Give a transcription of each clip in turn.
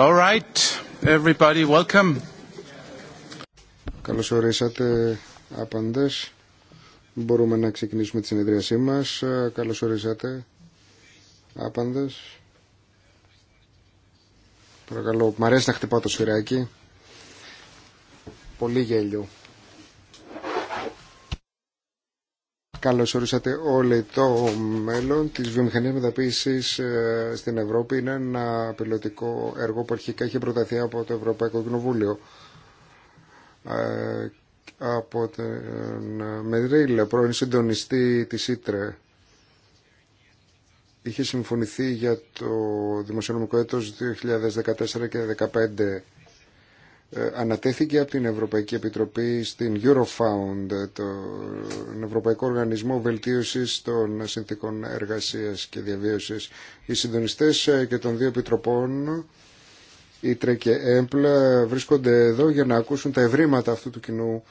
All right, everybody, welcome. Καλώς ορίσατε, απαντές. Μπορούμε να ξεκινήσουμε τη συνεδρίασή μας. Καλώς ορίσατε, απαντές. Παρακαλώ, μ' αρέσει να χτυπάω το σφυράκι. Πολύ γέλιο. Καλώς ορίσατε όλοι. Το μέλλον της βιομηχανίας μεταποίησης ε, στην Ευρώπη είναι ένα πιλωτικό έργο που αρχικά είχε προταθεί από το Ευρωπαϊκό Κοινοβούλιο. Ε, από τον Μεδρίλ, πρώην συντονιστή της Ήτρε, είχε συμφωνηθεί για το δημοσιονομικό έτος 2014 και 2015 ε, ανατέθηκε από την Ευρωπαϊκή Επιτροπή στην Eurofound, τον Ευρωπαϊκό Οργανισμό Βελτίωσης των Συνθήκων Εργασίας και Διαβίωσης. Οι συντονιστές ε, και των δύο επιτροπών, Ήτρε και Έμπλα, ε, βρίσκονται εδώ για να ακούσουν τα ευρήματα αυτού του κοινού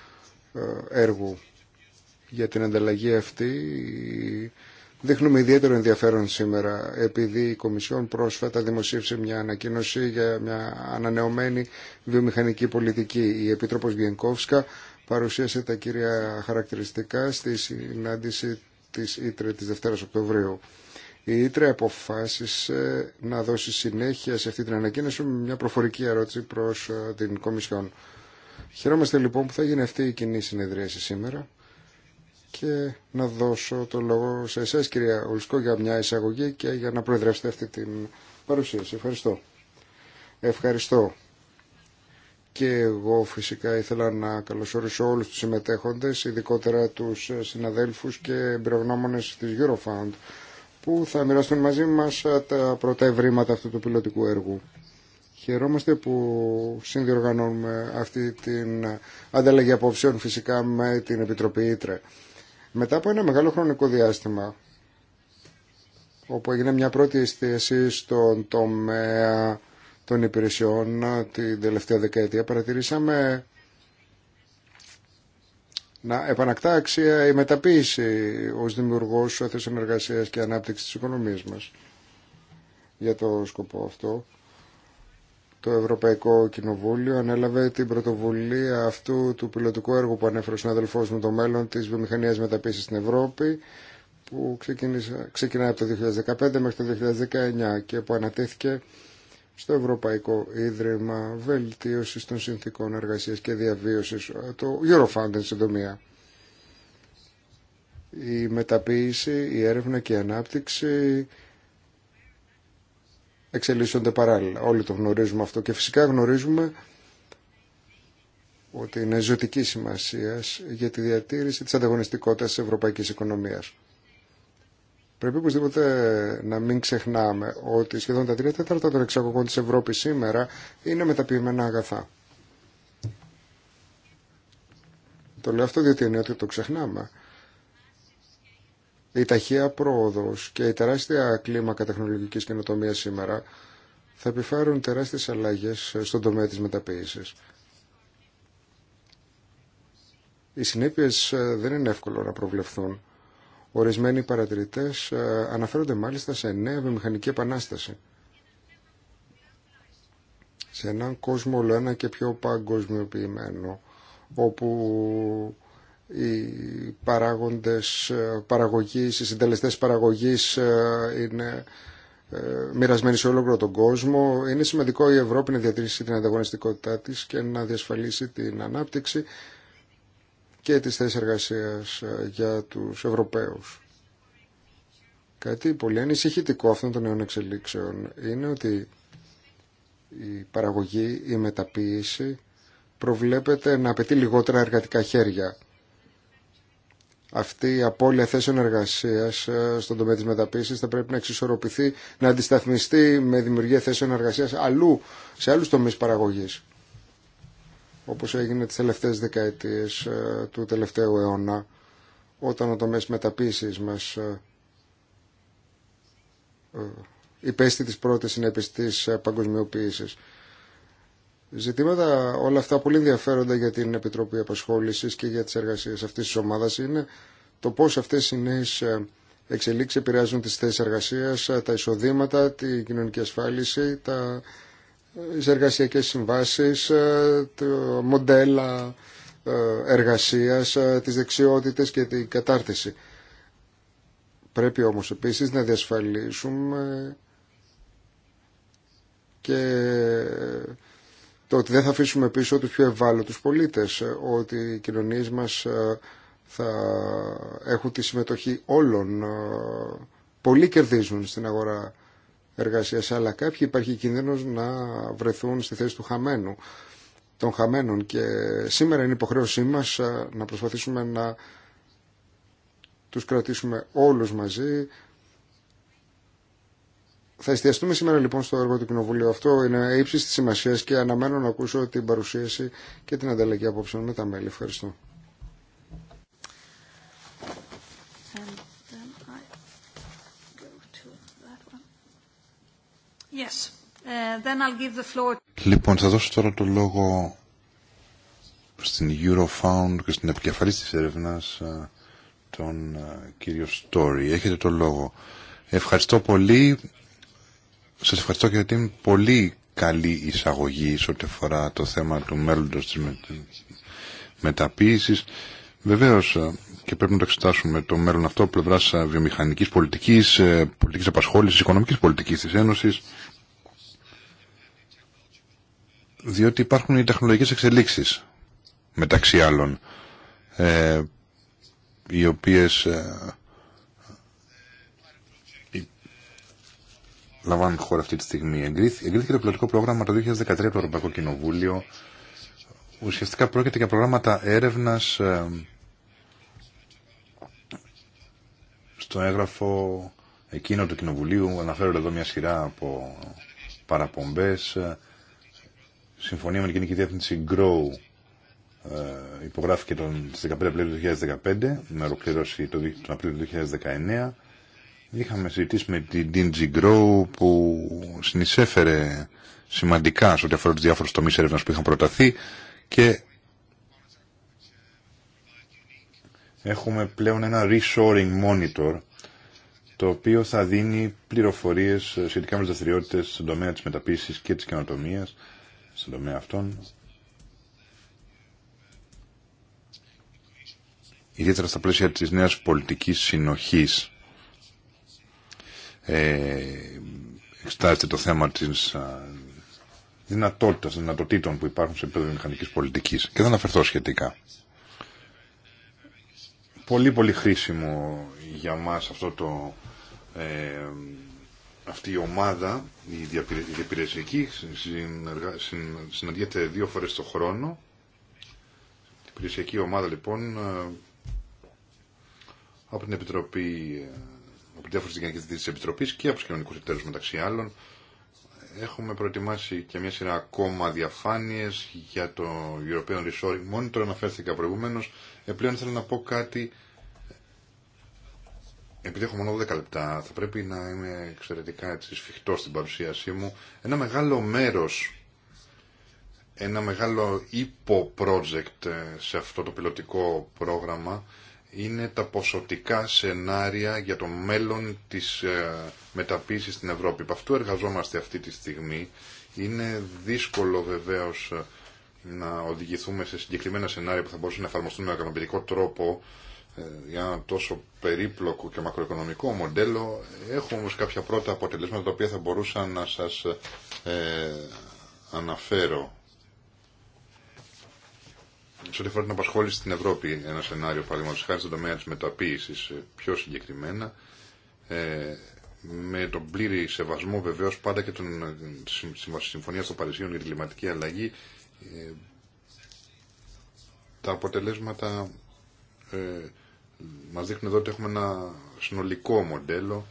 έργου για την ανταλλαγή αυτή δείχνουμε ιδιαίτερο ενδιαφέρον σήμερα επειδή η Κομισιόν πρόσφατα δημοσίευσε μια ανακοίνωση για μια ανανεωμένη βιομηχανική πολιτική. Η Επίτροπος Βιενκόφσκα παρουσίασε τα κύρια χαρακτηριστικά στη συνάντηση της Ήτρε της Δευτέρας Οκτωβρίου. Η Ήτρε αποφάσισε να δώσει συνέχεια σε αυτή την ανακοίνωση με μια προφορική ερώτηση προς ε, την Κομισιόν. Χαιρόμαστε λοιπόν που θα γίνει αυτή η κοινή συνεδρίαση σήμερα και να δώσω το λόγο σε εσάς κυρία Ολσκό για μια εισαγωγή και για να προεδρεύσετε αυτή την παρουσίαση. Ευχαριστώ. Ευχαριστώ. Και εγώ φυσικά ήθελα να καλωσορίσω όλους τους συμμετέχοντες, ειδικότερα τους συναδέλφους και εμπειρογνώμονες της Eurofound, που θα μοιραστούν μαζί μας τα πρώτα ευρήματα αυτού του πιλωτικού έργου. Χαιρόμαστε που συνδιοργανώνουμε αυτή την ανταλλαγή απόψεων φυσικά με την Επιτροπή Ήτρε. Μετά από ένα μεγάλο χρονικό διάστημα, όπου έγινε μια πρώτη εστίαση στον τομέα των υπηρεσιών την τελευταία δεκαετία, παρατηρήσαμε να επανακτάξει η μεταποίηση ως δημιουργός θέσεων εργασίας και ανάπτυξης της οικονομίας μας. Για το σκοπό αυτό το Ευρωπαϊκό Κοινοβούλιο ανέλαβε την πρωτοβουλία αυτού του πιλωτικού έργου που ανέφερε ο συναδελφό μου το μέλλον τη βιομηχανία μεταπίση στην Ευρώπη, που ξεκινάει από το 2015 μέχρι το 2019 και που ανατέθηκε στο Ευρωπαϊκό Ίδρυμα Βελτίωση των Συνθήκων Εργασία και Διαβίωση, το Eurofund εν συντομία. Η μεταποίηση, η έρευνα και η ανάπτυξη εξελίσσονται παράλληλα. Όλοι το γνωρίζουμε αυτό και φυσικά γνωρίζουμε ότι είναι ζωτική σημασία για τη διατήρηση της ανταγωνιστικότητας της ευρωπαϊκής οικονομίας. Πρέπει οπωσδήποτε να μην ξεχνάμε ότι σχεδόν τα τρία τέταρτα των εξαγωγών της Ευρώπης σήμερα είναι μεταποιημένα αγαθά. Το λέω αυτό διότι είναι ότι το ξεχνάμε η ταχεία πρόοδος και η τεράστια κλίμακα τεχνολογικής καινοτομίας σήμερα θα επιφέρουν τεράστιες αλλαγές στον τομέα της μεταποίησης. Οι συνέπειες ε, δεν είναι εύκολο να προβλεφθούν. Ορισμένοι παρατηρητές ε, αναφέρονται μάλιστα σε νέα βιομηχανική επανάσταση. Σε έναν κόσμο όλο ένα και πιο παγκοσμιοποιημένο, όπου οι παράγοντες ε, παραγωγής, οι συντελεστές παραγωγής ε, είναι ε, μοιρασμένοι σε όλο τον κόσμο. Είναι σημαντικό η Ευρώπη να διατηρήσει την ανταγωνιστικότητά της και να διασφαλίσει την ανάπτυξη και τις θέσεις εργασίας για τους Ευρωπαίους. Κάτι πολύ ανησυχητικό αυτών των νέων εξελίξεων είναι ότι η παραγωγή, η μεταποίηση προβλέπεται να απαιτεί λιγότερα εργατικά χέρια αυτή η απώλεια θέσεων εργασία ε, στον τομέα τη μεταποίηση θα πρέπει να εξισορροπηθεί, να αντισταθμιστεί με δημιουργία θέσεων εργασία αλλού, σε άλλου τομεί παραγωγή. Όπω έγινε τι τελευταίε δεκαετίε ε, του τελευταίου αιώνα, όταν ο τομέα μεταποίηση μα ε, υπέστη τι πρώτε συνέπειε τη παγκοσμιοποίηση ζητήματα. Όλα αυτά πολύ ενδιαφέροντα για την Επιτροπή Απασχόλησης και για τις εργασίες αυτής της ομάδας είναι το πώς αυτές οι νέες ε, εξελίξεις επηρεάζουν τις θέσεις εργασίας, ε, τα εισοδήματα, την κοινωνική ασφάλιση, τα εργασιακέ εργασιακές συμβάσεις, ε, τα μοντέλα εργασίας, τις δεξιότητες και την κατάρτιση. Πρέπει όμως επίσης να διασφαλίσουμε και το ότι δεν θα αφήσουμε πίσω τους πιο ευάλωτους πολίτες, ε, ότι οι κοινωνίες μας ε, θα έχουν τη συμμετοχή όλων. Ε, πολλοί κερδίζουν στην αγορά εργασίας, αλλά κάποιοι υπάρχει κίνδυνος να βρεθούν στη θέση του χαμένου, των χαμένων. Και σήμερα είναι υποχρέωσή μας να προσπαθήσουμε να τους κρατήσουμε όλους μαζί, θα εστιαστούμε σήμερα λοιπόν στο έργο του Κοινοβουλίου. Αυτό είναι ύψη τη σημασία και αναμένω να ακούσω την παρουσίαση και την ανταλλαγή απόψεων με τα μέλη. Ευχαριστώ. Uh, λοιπόν, θα δώσω τώρα το λόγο στην Eurofound και στην επικεφαλή της έρευνας τον κύριο Στόρι. Έχετε το λόγο. Ευχαριστώ πολύ. Σας ευχαριστώ για την πολύ καλή εισαγωγή σε ό,τι αφορά το θέμα του μέλλοντος της μεταποίησης. Βεβαίως ε, και πρέπει να το εξετάσουμε το μέλλον αυτό από πλευρά ε, βιομηχανικής πολιτικής, ε, πολιτικής απασχόλησης, οικονομικής πολιτικής της Ένωσης διότι υπάρχουν οι τεχνολογικές εξελίξεις μεταξύ άλλων ε, οι οποίες λαμβάνουν χώρα αυτή τη στιγμή. Εγκρίθηκε το πιλωτικό πρόγραμμα το 2013 από το Ευρωπαϊκό Κοινοβούλιο. Ουσιαστικά πρόκειται για προγράμματα έρευνας στο έγγραφο εκείνο του Κοινοβουλίου. αναφέρω εδώ μια σειρά από παραπομπέ, Συμφωνία με την Κοινική Διεύθυνση GROW ε, υπογράφηκε τον, 15 Απριλίου του 2015 με ολοκληρώση τον Απρίλιο του 2019 Είχαμε συζητήσει με την DG Grow που συνεισέφερε σημαντικά σε ό,τι αφορά του διάφορου τομεί έρευνα που είχαν προταθεί και έχουμε πλέον ένα reshoring monitor το οποίο θα δίνει πληροφορίες σχετικά με τις δραστηριότητε στον τομέα της μεταποίησης και της καινοτομίας, στον τομέα αυτών. Ιδιαίτερα στα πλαίσια της νέας πολιτικής συνοχής ε, εξετάζεται το θέμα της δυνατότητας, δυνατοτήτων που υπάρχουν σε επίπεδο μηχανικής πολιτικής και δεν αναφερθώ σχετικά. Πολύ πολύ χρήσιμο για μας αυτό το, ε, αυτή η ομάδα, η διαπηρεσιακή, συναντιέται δύο φορές το χρόνο. Η υπηρεσιακή ομάδα λοιπόν ε, από την Επιτροπή ε, από διάφορε διάφορα τη Επιτροπή και από του κοινωνικού εταίρου μεταξύ άλλων. Έχουμε προετοιμάσει και μια σειρά ακόμα διαφάνειε για το European Resource Monitor. Αναφέρθηκα προηγουμένω. Επλέον θέλω να πω κάτι. Επειδή έχω μόνο 10 λεπτά, θα πρέπει να είμαι εξαιρετικά έτσι, σφιχτό στην παρουσίασή μου. Ένα μεγάλο μέρο ένα μεγάλο υπο-project ε, σε αυτό το πιλωτικό πρόγραμμα είναι τα ποσοτικά σενάρια για το μέλλον της ε, μεταποίησης στην Ευρώπη. Από αυτού εργαζόμαστε αυτή τη στιγμή. Είναι δύσκολο βεβαίως ε, να οδηγηθούμε σε συγκεκριμένα σενάρια που θα μπορούσαν να εφαρμοστούν με οικονομικό τρόπο ε, για ένα τόσο περίπλοκο και μακροοικονομικό μοντέλο. Έχω όμως κάποια πρώτα αποτελέσματα τα οποία θα μπορούσα να σας ε, αναφέρω σε ό,τι αφορά την απασχόληση στην Ευρώπη, ένα σενάριο παραδείγματο χάρη στον τομέα τη μεταποίηση ε, πιο συγκεκριμένα, ε, με τον πλήρη σεβασμό βεβαίω πάντα και των, ε, Συμφωνία των Παρισίων για την κλιματική αλλαγή, ε, τα αποτελέσματα ε, μας δείχνουν εδώ ότι έχουμε ένα συνολικό μοντέλο,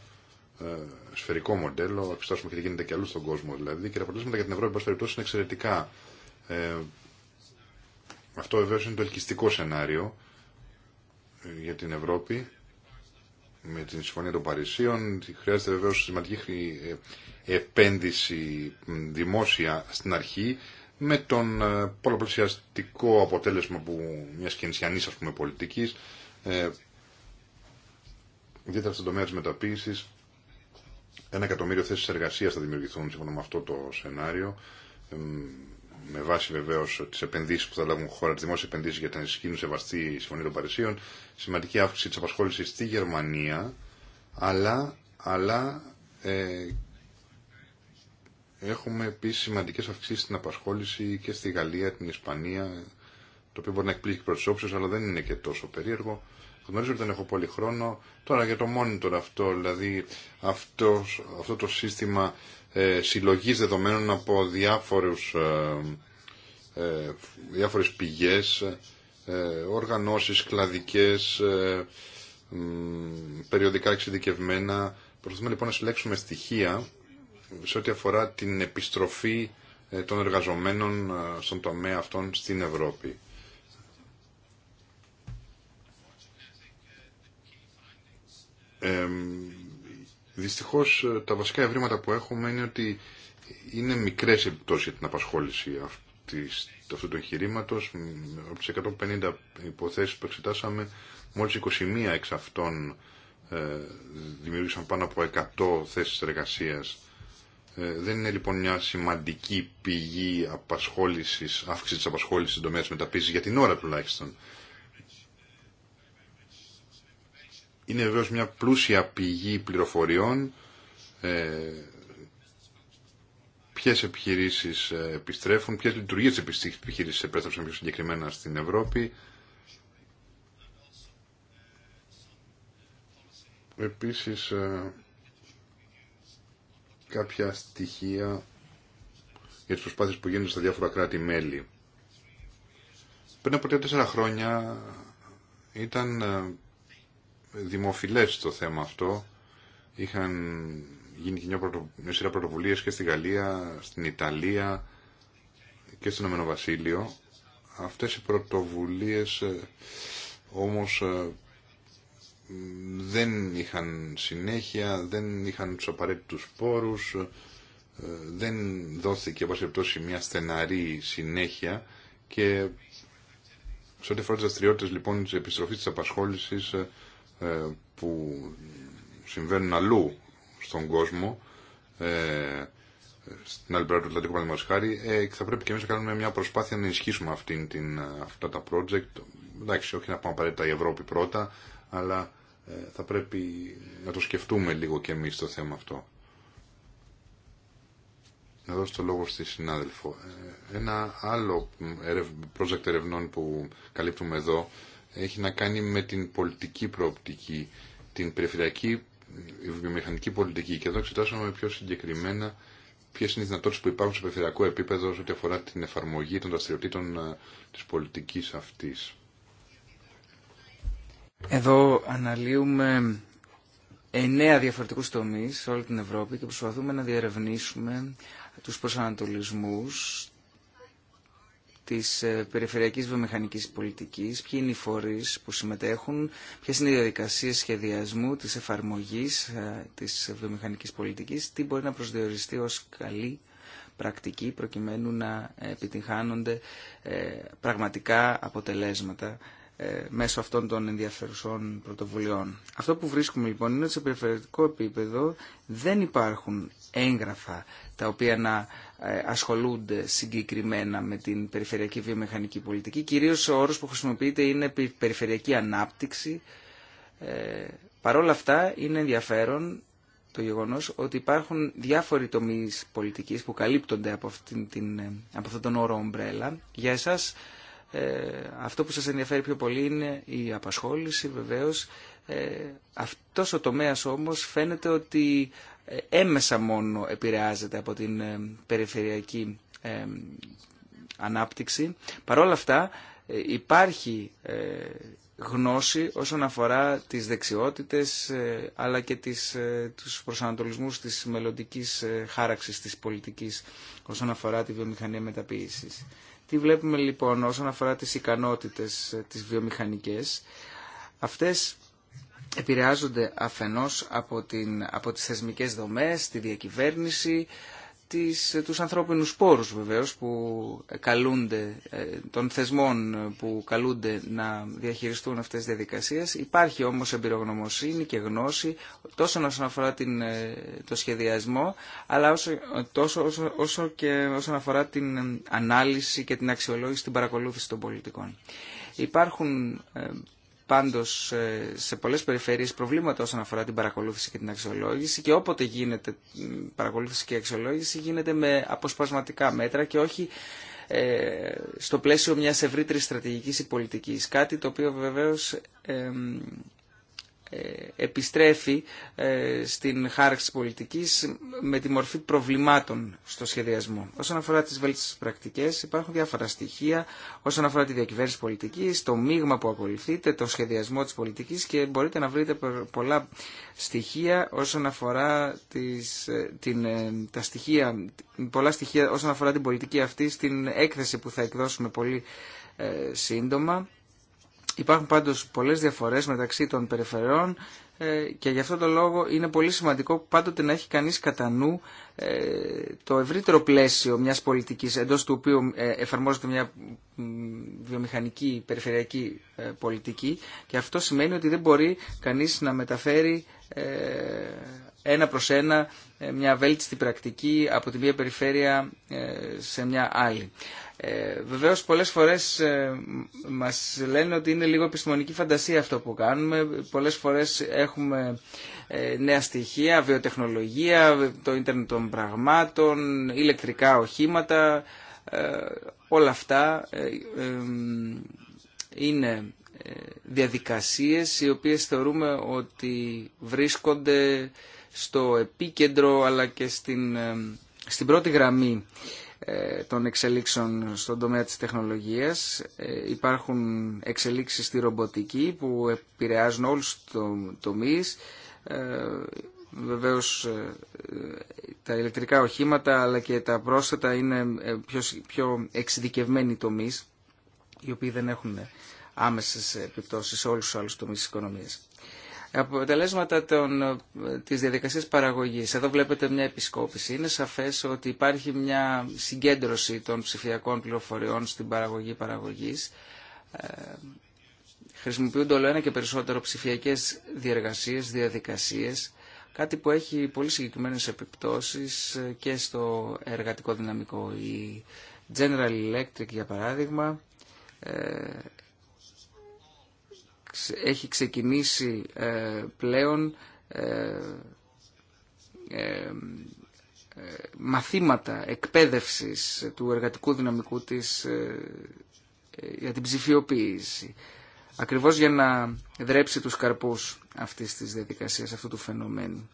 ε, σφαιρικό μοντέλο, εξετάσουμε και γίνεται και αλλού στον κόσμο δηλαδή, και τα αποτελέσματα για την Ευρώπη, εν περιπτώσει, είναι εξαιρετικά. Ε, αυτό βεβαίως είναι το ελκυστικό σενάριο ε, για την Ευρώπη με την Συμφωνία των Παρισίων. Χρειάζεται βεβαίω σημαντική ε, επένδυση δημόσια στην αρχή με τον ε, πολλαπλασιαστικό αποτέλεσμα που μια κινησιανής ας πούμε πολιτικής ιδιαίτερα στον τομέα της μεταποίησης ένα εκατομμύριο θέσεις εργασίας θα δημιουργηθούν σύμφωνα με αυτό το σενάριο με βάση βεβαίω τι επενδύσει που θα λάβουν χώρα, τι δημόσιε επενδύσει για να γίνουν σεβαστή η Συμφωνία των Παρισίων, σημαντική αύξηση τη απασχόληση στη Γερμανία, αλλά, αλλά ε, έχουμε επίση σημαντικέ αυξήσει στην απασχόληση και στη Γαλλία, την Ισπανία, το οποίο μπορεί να εκπλήξει προ τι αλλά δεν είναι και τόσο περίεργο. Γνωρίζω ότι δεν έχω πολύ χρόνο. Τώρα για το monitor αυτό, δηλαδή αυτό, αυτό το σύστημα ε, συλλογής δεδομένων από διάφορους, ε, ε, διάφορες πηγές, οργανώσεις, κλαδικές, περιοδικά εξειδικευμένα. Προσπαθούμε λοιπόν να συλλέξουμε στοιχεία σε ό,τι αφορά την επιστροφή των εργαζομένων στον τομέα αυτών στην Ευρώπη. Δυστυχώς ε, τα βασικά ευρήματα που έχουμε είναι ότι είναι μικρές επιπτώσεις για την απασχόληση αυτής, αυτού του εγχειρήματο. Από τι 150 υποθέσεις που εξετάσαμε, μόλις 21 εξ αυτών ε, δημιούργησαν πάνω από 100 θέσεις εργασίας. Ε, δεν είναι λοιπόν μια σημαντική πηγή απασχόλησης, αύξηση της απασχόλησης στην τομέα τη μεταπίσης για την ώρα τουλάχιστον. Είναι βεβαίω μια πλούσια πηγή πληροφοριών. Ε, ποιε επιχειρήσει ε, επιστρέφουν, ποιε λειτουργίε τη επιχείρηση επέστρεψαν πιο συγκεκριμένα στην Ευρώπη. Επίσης ε, κάποια στοιχεία για τις προσπάθειες που γίνονται στα διάφορα κράτη-μέλη. Πριν απο τρία-τέσσερα χρόνια ήταν ε, δημοφιλές το θέμα αυτό. Είχαν γίνει και μια, πρωτο, σειρά πρωτοβουλίε και στη Γαλλία, στην Ιταλία και στον Ηνωμένο Βασίλειο. Αυτές οι πρωτοβουλίες ε, όμως ε, δεν είχαν συνέχεια, δεν είχαν τους απαραίτητους πόρους, ε, δεν δόθηκε όπως μια στεναρή συνέχεια και σε ό,τι αφορά τι δραστηριότητε λοιπόν τη επιστροφή τη απασχόληση, ε, που συμβαίνουν αλλού στον κόσμο, ε, στην άλλη πλευρά του Ατλαντικού Παραδείγματο χάρη, ε, θα πρέπει και εμεί να κάνουμε μια προσπάθεια να ενισχύσουμε αυτή, την, αυτά τα project. Εντάξει, όχι να πάμε απαραίτητα η Ευρώπη πρώτα, αλλά θα πρέπει να το σκεφτούμε λίγο και εμεί το θέμα αυτό. Να δώσω το λόγο στη συνάδελφο. Ένα άλλο project ερευνών που καλύπτουμε εδώ έχει να κάνει με την πολιτική προοπτική, την περιφερειακή βιομηχανική πολιτική. Και εδώ εξετάσαμε πιο συγκεκριμένα ποιε είναι οι δυνατότητε που υπάρχουν στο περιφερειακό επίπεδο σε ό,τι αφορά την εφαρμογή των δραστηριοτήτων ε, τη πολιτική αυτή. Εδώ αναλύουμε εννέα διαφορετικούς τομείς σε όλη την Ευρώπη και προσπαθούμε να διερευνήσουμε του προσανατολισμού της ε, περιφερειακής βιομηχανικής πολιτικής, ποιοι είναι οι φορείς που συμμετέχουν, ποιες είναι οι διαδικασίες σχεδιασμού της εφαρμογής ε, της βιομηχανικής πολιτικής, τι μπορεί να προσδιοριστεί ως καλή πρακτική προκειμένου να επιτυγχάνονται ε, πραγματικά αποτελέσματα ε, μέσω αυτών των ενδιαφερουσών πρωτοβουλειών. Αυτό που βρίσκουμε λοιπόν είναι ότι σε περιφερειακό επίπεδο δεν υπάρχουν έγγραφα τα οποία να ε, ασχολούνται συγκεκριμένα με την περιφερειακή βιομηχανική πολιτική. Κυρίως ο όρος που χρησιμοποιείται είναι περιφερειακή ανάπτυξη. Ε, Παρ' όλα αυτά είναι ενδιαφέρον το γεγονός ότι υπάρχουν διάφοροι τομείς πολιτικής που καλύπτονται από, την, ε, από αυτόν τον όρο ομπρέλα. Για εσάς ε, αυτό που σας ενδιαφέρει πιο πολύ είναι η απασχόληση βεβαίως. Ε, αυτός ο τομέας όμως φαίνεται ότι ε, έμεσα μόνο επηρεάζεται από την περιφερειακή ανάπτυξη. Παρ' όλα αυτά υπάρχει γνώση όσον αφορά τις δεξιότητες αλλά και τις, τους προσανατολισμούς της μελλοντικής χάραξης της πολιτικής όσον αφορά τη βιομηχανία μεταποίησης. Τι βλέπουμε λοιπόν όσον αφορά τις ικανότητες ε, τις βιομηχανικές. Αυτές επηρεάζονται αφενός από, την, από τις θεσμικές δομές, τη διακυβέρνηση, τις, τους ανθρώπινους πόρους βεβαίως που καλούνται, ε, των θεσμών που καλούνται να διαχειριστούν αυτές τις διαδικασίες. Υπάρχει όμως εμπειρογνωμοσύνη και γνώση τόσο όσον αφορά την, ε, το σχεδιασμό αλλά όσο, τόσο όσο, και όσον αφορά την ανάλυση και την αξιολόγηση, την παρακολούθηση των πολιτικών. Υπάρχουν ε, Πάντω ε, σε πολλές περιφέρειες προβλήματα όσον αφορά την παρακολούθηση και την αξιολόγηση και όποτε γίνεται παρακολούθηση και αξιολόγηση γίνεται με αποσπασματικά μέτρα και όχι ε, στο πλαίσιο μιας ευρύτερης στρατηγικής ή πολιτικής. Κάτι το οποίο βεβαίως ε, ε, επιστρέφει ε, στην χάραξη πολιτικής με τη μορφή προβλημάτων στο σχεδιασμό. Όσον αφορά τις βέλτιστες πρακτικές υπάρχουν διάφορα στοιχεία όσον αφορά τη διακυβέρνηση πολιτικής, το μείγμα που ακολουθείτε, το σχεδιασμό της πολιτικής και μπορείτε να βρείτε πολλά στοιχεία όσον αφορά τις, ε, την, τα στοιχεία, πολλά στοιχεία όσον αφορά την πολιτική αυτή στην έκθεση που θα εκδώσουμε πολύ σύντομα Υπάρχουν πάντως πολλές διαφορές μεταξύ των περιφερειών ε, και γι' αυτό το λόγο είναι πολύ σημαντικό πάντοτε να έχει κανείς κατά νου ε, το ευρύτερο πλαίσιο μιας πολιτικής εντός του οποίου ε, εφαρμόζεται μια βιομηχανική περιφερειακή πολιτική και αυτό σημαίνει ότι δεν μπορεί κανείς να μεταφέρει ένα προς ένα μια βέλτιστη πρακτική από τη μία περιφέρεια σε μια άλλη. Ε, πολλέ φορέ φορές ε, μας λένε ότι είναι λίγο επιστημονική φαντασία αυτό που κάνουμε. Πολλέ φορές έχουμε ε, νέα στοιχεία, βιοτεχνολογία, το ίντερνετ των πραγμάτων, ηλεκτρικά οχήματα. Ε, όλα αυτά είναι διαδικασίες οι οποίες θεωρούμε ότι βρίσκονται στο επίκεντρο αλλά και στην, στην πρώτη γραμμή ε, των εξελίξεων στον τομέα της τεχνολογίας. Ε, υπάρχουν εξελίξεις στη ρομποτική που επηρεάζουν όλους το τομείς. Ε, βεβαίως τα ηλεκτρικά οχήματα αλλά και τα πρόσθετα είναι πιο, εξειδικευμένοι τομείς οι οποίοι δεν έχουν άμεσες επιπτώσεις σε όλους τους άλλους τομείς της οικονομίας. Αποτελέσματα των, της διαδικασίας παραγωγής. Εδώ βλέπετε μια επισκόπηση. Είναι σαφές ότι υπάρχει μια συγκέντρωση των ψηφιακών πληροφοριών στην παραγωγή παραγωγής. Ε, χρησιμοποιούνται όλο ένα και περισσότερο ψηφιακές διεργασίες, διαδικασίες, κάτι που έχει πολύ συγκεκριμένες επιπτώσεις και στο εργατικό δυναμικό. Η General Electric, για παράδειγμα, ε, έχει ξεκινήσει ε, πλέον ε, ε, μαθήματα εκπαίδευσης του εργατικού δυναμικού της για την ψηφιοποίηση. Ακριβώς για να δρέψει τους καρπούς αυτής της διαδικασίας, αυτού του φαινομένου.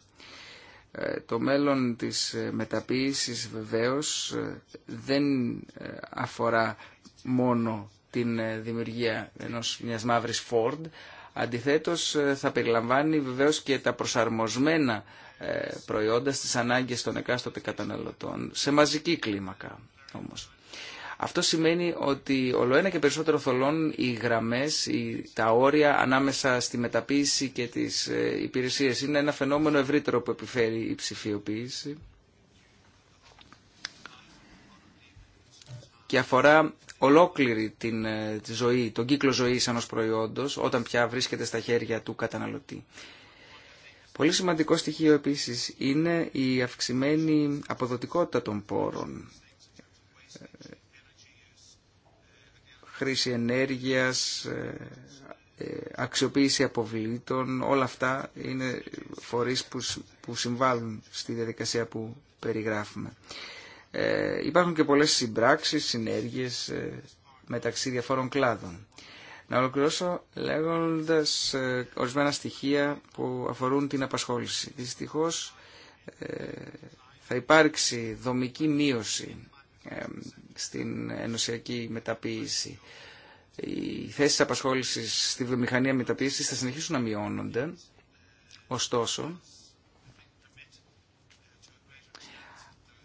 Το μέλλον της μεταποίησης βεβαίως δεν αφορά μόνο την ε, δημιουργία ενός μιας μαύρης Ford. Αντιθέτως ε, θα περιλαμβάνει βεβαίως και τα προσαρμοσμένα ε, προϊόντα στις ανάγκες των εκάστοτε καταναλωτών σε μαζική κλίμακα όμως. Αυτό σημαίνει ότι ολοένα και περισσότερο θολώνουν οι γραμμές, τα όρια ανάμεσα στη μεταποίηση και τις υπηρεσίες. Είναι ένα φαινόμενο ευρύτερο που επιφέρει η ψηφιοποίηση. Και αφορά ολόκληρη την ε, ζωή, τον κύκλο ζωής ενός προϊόντος όταν πια βρίσκεται στα χέρια του καταναλωτή. Πολύ σημαντικό στοιχείο επίσης είναι η αυξημένη αποδοτικότητα των πόρων. Ε, χρήση ενέργειας, ε, αξιοποίηση αποβλήτων, όλα αυτά είναι φορείς που συμβάλλουν στη διαδικασία που περιγράφουμε ε, υπάρχουν και πολλές συμπράξεις, συνέργειες ε, μεταξύ διαφόρων κλάδων. Να ολοκληρώσω λέγοντας ε, ορισμένα στοιχεία που αφορούν την απασχόληση. Δυστυχώς ε, θα υπάρξει δομική μείωση ε, στην ενωσιακή μεταποίηση. Οι θέσεις απασχόλησης στη βιομηχανία μεταποίησης θα συνεχίσουν να μειώνονται. Ωστόσο,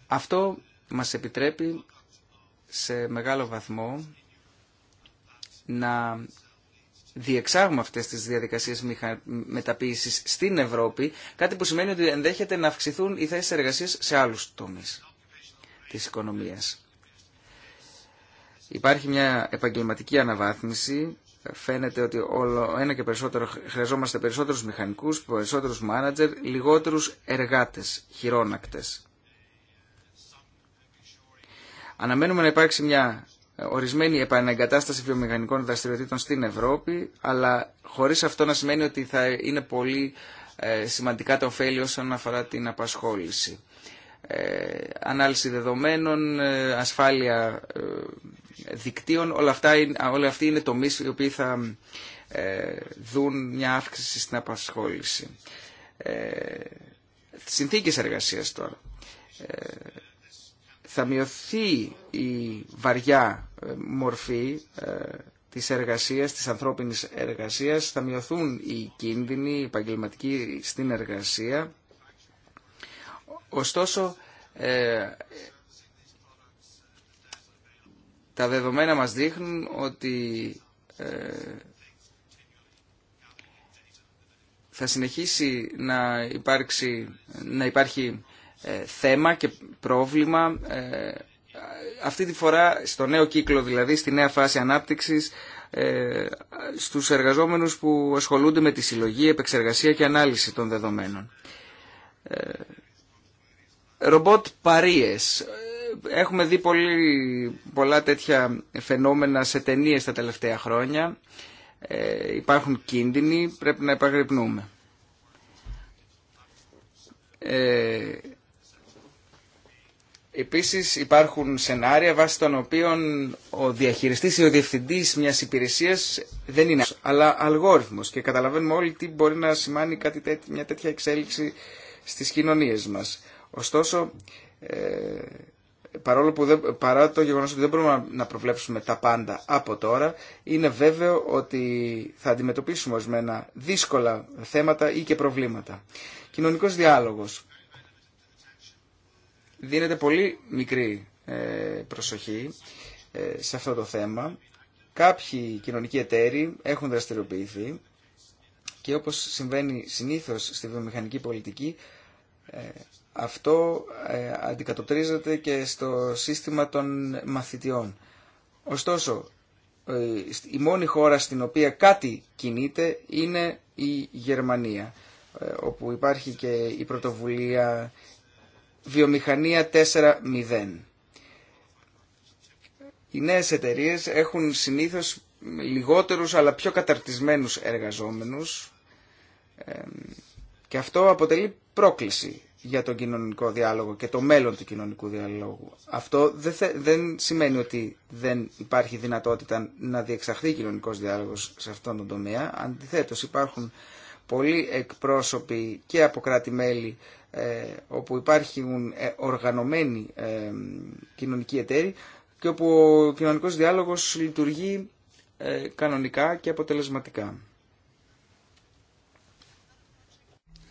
αυτό μας επιτρέπει σε μεγάλο βαθμό να διεξάγουμε αυτές τις διαδικασίες μεταποίησης στην Ευρώπη, κάτι που σημαίνει ότι ενδέχεται να αυξηθούν οι θέσεις εργασίας σε άλλους τομείς της οικονομίας. Υπάρχει μια επαγγελματική αναβάθμιση. Φαίνεται ότι όλο ένα και περισσότερο χρειαζόμαστε περισσότερους μηχανικούς, περισσότερους μάνατζερ, λιγότερους εργάτες, χειρόνακτες. Αναμένουμε να υπάρξει μια ε, ορισμένη επαναγκατάσταση βιομηχανικών δραστηριοτήτων στην Ευρώπη, αλλά χωρίς αυτό να σημαίνει ότι θα είναι πολύ ε, σημαντικά τα ωφέλη όσον αφορά την απασχόληση. Ε, ανάλυση δεδομένων, ασφάλεια δικτύων, όλα, αυτά, όλα αυτοί είναι τομείς οι οποίοι θα δουν μια αύξηση στην απασχόληση. Συνθήκες εργασίας τώρα θα μειωθεί η βαριά ε, μορφή ε, της εργασίας, της ανθρώπινης εργασίας, θα μειωθούν οι κίνδυνοι οι επαγγελματικοί στην εργασία. Ωστόσο, ε, τα δεδομένα μας δείχνουν ότι θα συνεχίσει να, υπάρξει, να υπάρχει ε, θέμα και πρόβλημα ε, αυτή τη φορά στο νέο κύκλο, δηλαδή στη νέα φάση ανάπτυξης, ε, στους εργαζόμενους που ασχολούνται με τη συλλογή, επεξεργασία και ανάλυση των δεδομένων. Ρομπότ παρίες. Έχουμε δει πολύ, πολλά τέτοια φαινόμενα σε ταινίε τα τελευταία χρόνια. υπάρχουν κίνδυνοι, πρέπει να επαγρυπνούμε. Επίσης υπάρχουν σενάρια βάσει των οποίων ο διαχειριστής ή ο διευθυντής μιας υπηρεσίας δεν είναι αλλά αλγόριθμος και καταλαβαίνουμε όλοι τι μπορεί να σημάνει κάτι μια τέτοια εξέλιξη στις κοινωνίες μας. Ωστόσο, ε, παρόλο που δεν, παρά το γεγονός ότι δεν μπορούμε να προβλέψουμε τα πάντα από τώρα, είναι βέβαιο ότι θα αντιμετωπίσουμε ορισμένα δύσκολα θέματα ή και προβλήματα. Κοινωνικός διάλογος δίνεται πολύ μικρή ε, προσοχή ε, σε αυτό το θέμα. Κάποιοι κοινωνικοί εταίροι έχουν δραστηριοποιηθεί και όπως συμβαίνει συνήθως στη βιομηχανική πολιτική, ε, αυτό αντικατοπτρίζεται και στο σύστημα των μαθητιών. Ωστόσο, η μόνη χώρα στην οποία κάτι κινείται είναι η Γερμανία, όπου υπάρχει και η πρωτοβουλία βιομηχανία 4.0. Οι νέες εταιρείες έχουν συνήθως λιγότερους αλλά πιο καταρτισμένους εργαζόμενους και αυτό αποτελεί πρόκληση για τον κοινωνικό διάλογο και το μέλλον του κοινωνικού διάλογου. Αυτό δεν σημαίνει ότι δεν υπάρχει δυνατότητα να διεξαχθεί κοινωνικός διάλογος σε αυτόν τον τομέα. Αντιθέτως υπάρχουν πολλοί εκπρόσωποι και από κράτη-μέλη ε, όπου υπάρχουν ε, οργανωμένοι ε, κοινωνικοί εταίροι και όπου ο κοινωνικός διάλογος λειτουργεί κανονικά και αποτελεσματικά.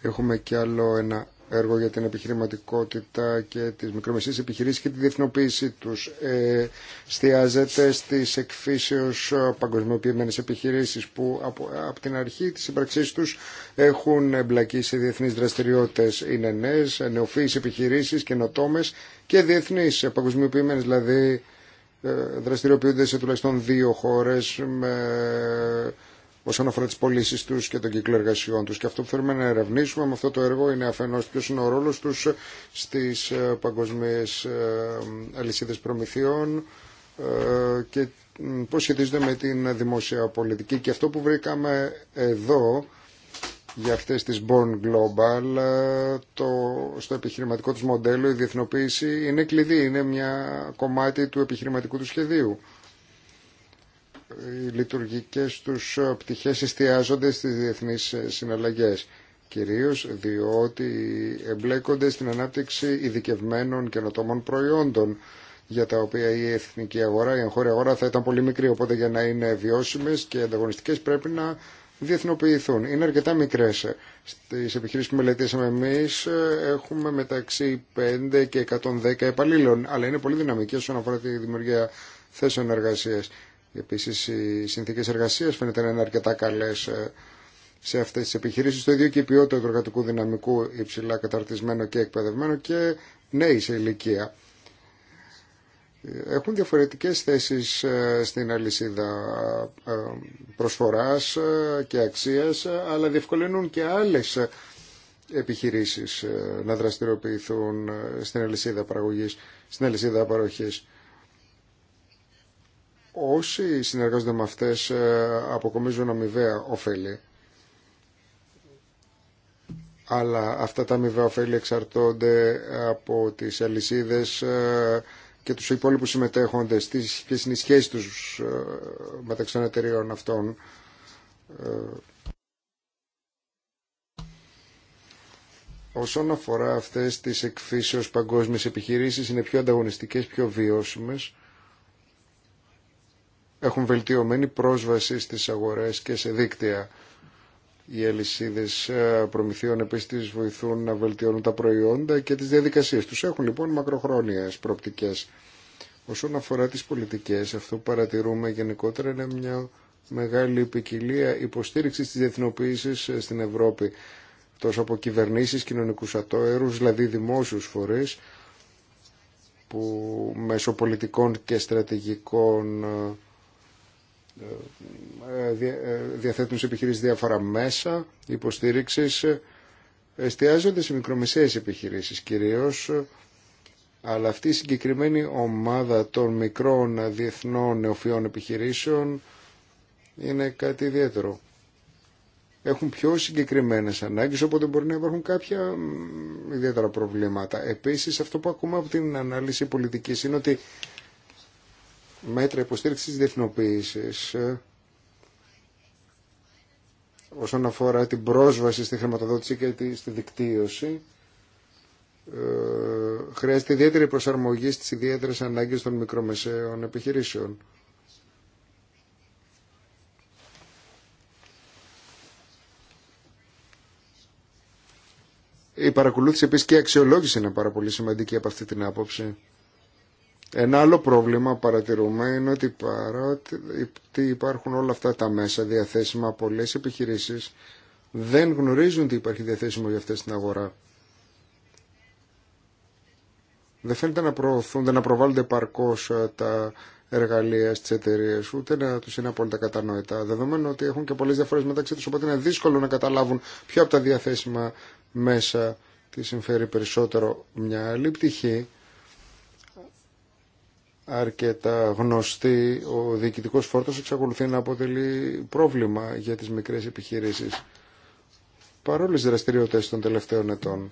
Έχουμε και άλλο ένα έργο για την επιχειρηματικότητα και τις μικρομεσίες επιχειρήσεις και τη διεθνοποίησή τους. Ε, στιάζεται στις εκφύσεως παγκοσμιοποιημένες επιχειρήσεις που από, από την αρχή της ύπαρξής τους έχουν εμπλακεί σε διεθνείς δραστηριότητες. Είναι νέες, νεοφύης επιχειρήσεις, καινοτόμες και διεθνείς παγκοσμιοποιημένες δηλαδή ε, δραστηριοποιούνται σε τουλάχιστον δύο χώρες με όσον αφορά τι πωλήσει του και τον κύκλο εργασιών του. Και αυτό που θέλουμε να ερευνήσουμε με αυτό το έργο είναι αφενό ποιο είναι ο ρόλο του στι ε, παγκοσμίε ε, αλυσίδε προμηθειών ε, και πώ σχετίζονται με την δημόσια πολιτική. Και αυτό που βρήκαμε εδώ για αυτές τις Born Global το, στο επιχειρηματικό τους μοντέλο η διεθνοποίηση είναι κλειδί, είναι μια κομμάτι του επιχειρηματικού του σχεδίου οι λειτουργικές τους ε, πτυχές εστιάζονται στις διεθνεί ε, συναλλαγές κυρίως διότι εμπλέκονται στην ανάπτυξη ειδικευμένων καινοτόμων προϊόντων για τα οποία η εθνική αγορά, η εγχώρια αγορά θα ήταν πολύ μικρή, οπότε για να είναι βιώσιμες και ανταγωνιστικές πρέπει να διεθνοποιηθούν. Είναι αρκετά μικρές. Στις επιχειρήσεις που μελετήσαμε εμείς ε, έχουμε μεταξύ 5 και 110 επαλλήλων, αλλά είναι πολύ δυναμικές όσον αφορά τη δημιουργία θέσεων εργασία. Επίσης οι συνθήκες εργασίας φαίνεται να είναι αρκετά καλές ε, σε αυτές τις επιχειρήσεις. Το ίδιο και η ποιότητα του εργατικού δυναμικού υψηλά καταρτισμένο και εκπαιδευμένο και νέοι σε ηλικία. Έχουν διαφορετικές θέσεις ε, στην αλυσίδα ε, προσφοράς και αξίας, αλλά διευκολύνουν και άλλες επιχειρήσεις να δραστηριοποιηθούν στην αλυσίδα παραγωγής, στην αλυσίδα παροχής όσοι συνεργάζονται με αυτές ε, αποκομίζουν αμοιβαία ωφέλη. Αλλά αυτά τα αμοιβαία ωφέλη εξαρτώνται από τις αλυσίδε ε, και τους υπόλοιπου συμμετέχοντες, τις, ποιες είναι οι σχέσεις τους ε, μεταξύ των εταιρείων αυτών. Όσον αφορά αυτές τις εκφύσεως παγκόσμιες επιχειρήσεις, είναι πιο ανταγωνιστικές, πιο βιώσιμες έχουν βελτιωμένη πρόσβαση στις αγορές και σε δίκτυα. Οι αλυσίδε ε, προμηθείων επίση βοηθούν να βελτιώνουν τα προϊόντα και τις διαδικασίες τους. Έχουν λοιπόν μακροχρόνιες προοπτικές. Όσον αφορά τις πολιτικές, αυτό παρατηρούμε γενικότερα είναι μια μεγάλη ποικιλία υποστήριξης της διεθνοποίησης ε, στην Ευρώπη, τόσο από κυβερνήσεις, κοινωνικούς ατόερου, δηλαδή δημόσιους φορείς, που μέσω πολιτικών και στρατηγικών ε, ε, ε, ε, διαθέτουν σε επιχειρήσεις διάφορα μέσα υποστήριξης εστιάζονται σε μικρομεσαίες επιχειρήσεις κυρίως αλλά αυτή η συγκεκριμένη ομάδα των μικρών διεθνών νεοφιών επιχειρήσεων είναι κάτι ιδιαίτερο. Έχουν πιο συγκεκριμένες ανάγκες, οπότε μπορεί να υπάρχουν κάποια ιδιαίτερα προβλήματα. Επίσης, αυτό που ακούμε από την ανάλυση πολιτικής είναι ότι μέτρα υποστήριξης διεθνοποίησης ε, όσον αφορά την πρόσβαση στη χρηματοδότηση και στη δικτύωση ε, χρειάζεται ιδιαίτερη προσαρμογή στις ιδιαίτερες ανάγκες των μικρομεσαίων επιχειρήσεων. Η παρακολούθηση επίσης και η αξιολόγηση είναι πάρα πολύ σημαντική από αυτή την άποψη. Ένα άλλο πρόβλημα παρατηρούμε είναι ότι παρότι υπάρχουν όλα αυτά τα μέσα διαθέσιμα, πολλέ επιχειρήσει δεν γνωρίζουν ότι υπάρχει διαθέσιμο για αυτές στην αγορά. Δεν φαίνεται να προωθούνται, να προβάλλονται παρκώ ε, τα εργαλεία στι εταιρείε, ούτε να του είναι απόλυτα κατανοητά. Δεδομένου ότι έχουν και πολλέ διαφορε μεταξύ του, οπότε είναι δύσκολο να καταλάβουν ποιο από τα διαθέσιμα μέσα τη συμφέρει περισσότερο μια άλλη πτυχή αρκετά γνωστή, ο διοικητικός φόρτος εξακολουθεί να αποτελεί πρόβλημα για τις μικρές επιχειρήσεις παρόλε τις δραστηριότητες των τελευταίων ετών.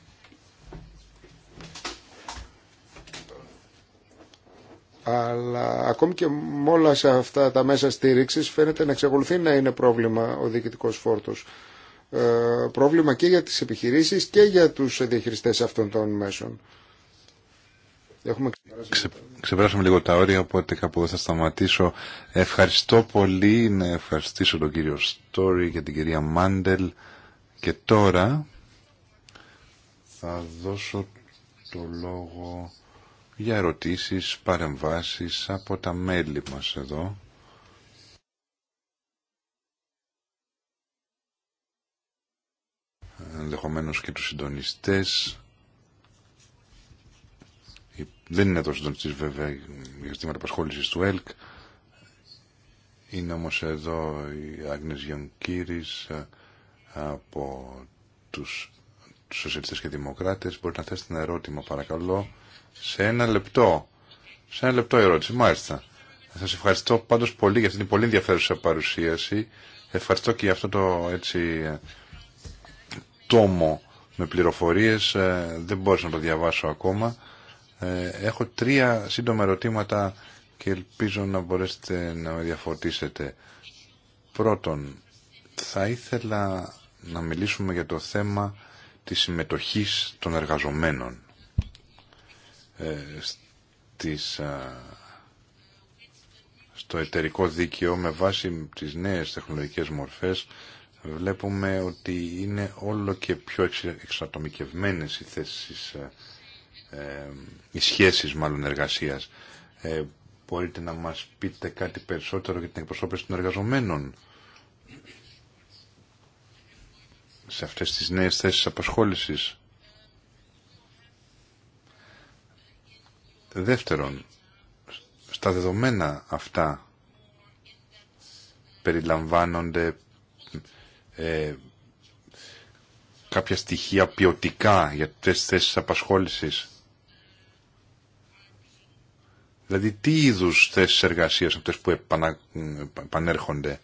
Αλλά ακόμη και με όλα σε αυτά τα μέσα στήριξης φαίνεται να εξακολουθεί να είναι πρόβλημα ο διοικητικός φόρτος. Ε, πρόβλημα και για τις επιχειρήσεις και για τους διαχειριστές αυτών των μέσων. Έχουμε Ξε, ξεπεράσαμε λίγο τα όρια, οπότε κάπου εδώ θα σταματήσω. Ευχαριστώ πολύ να ευχαριστήσω τον κύριο Στόρι και την κυρία Μάντελ. Και τώρα θα δώσω το λόγο για ερωτήσεις, παρεμβάσεις από τα μέλη μας εδώ. Ενδεχομένω και τους συντονιστές. Δεν είναι εδώ συντονιστής βέβαια για ζητήματα απασχόληση του ΕΛΚ. Είναι όμως εδώ η Άγνες Γιονκύρης ε, από τους σοσιαλιστές και δημοκράτες. Μπορείτε να θέσετε ένα ερώτημα παρακαλώ. Σε ένα λεπτό. Σε ένα λεπτό ερώτηση. Μάλιστα. Θα σας ευχαριστώ πάντως πολύ για αυτή την πολύ ενδιαφέρουσα παρουσίαση. Ευχαριστώ και για αυτό το έτσι τόμο με πληροφορίες. Ε, δεν μπορούσα να το διαβάσω ακόμα. Ε, έχω τρία σύντομα ερωτήματα και ελπίζω να μπορέσετε να με διαφωτίσετε. Πρώτον, θα ήθελα να μιλήσουμε για το θέμα της συμμετοχής των εργαζομένων ε, στις, στο εταιρικό δίκαιο με βάση τις νέες τεχνολογικές μορφές βλέπουμε ότι είναι όλο και πιο εξατομικευμένες οι θέσεις ε, ε, οι σχέσεις μάλλον εργασίας. Ε, μπορείτε να μας πείτε κάτι περισσότερο για την εκπροσώπηση των εργαζομένων σε αυτές τις νέες θέσεις απασχόλησης. Δεύτερον, στα δεδομένα αυτά περιλαμβάνονται ε, κάποια στοιχεία ποιοτικά για τις θέσεις απασχόλησης Δηλαδή τι είδου θέσει εργασία αυτέ που επανέρχονται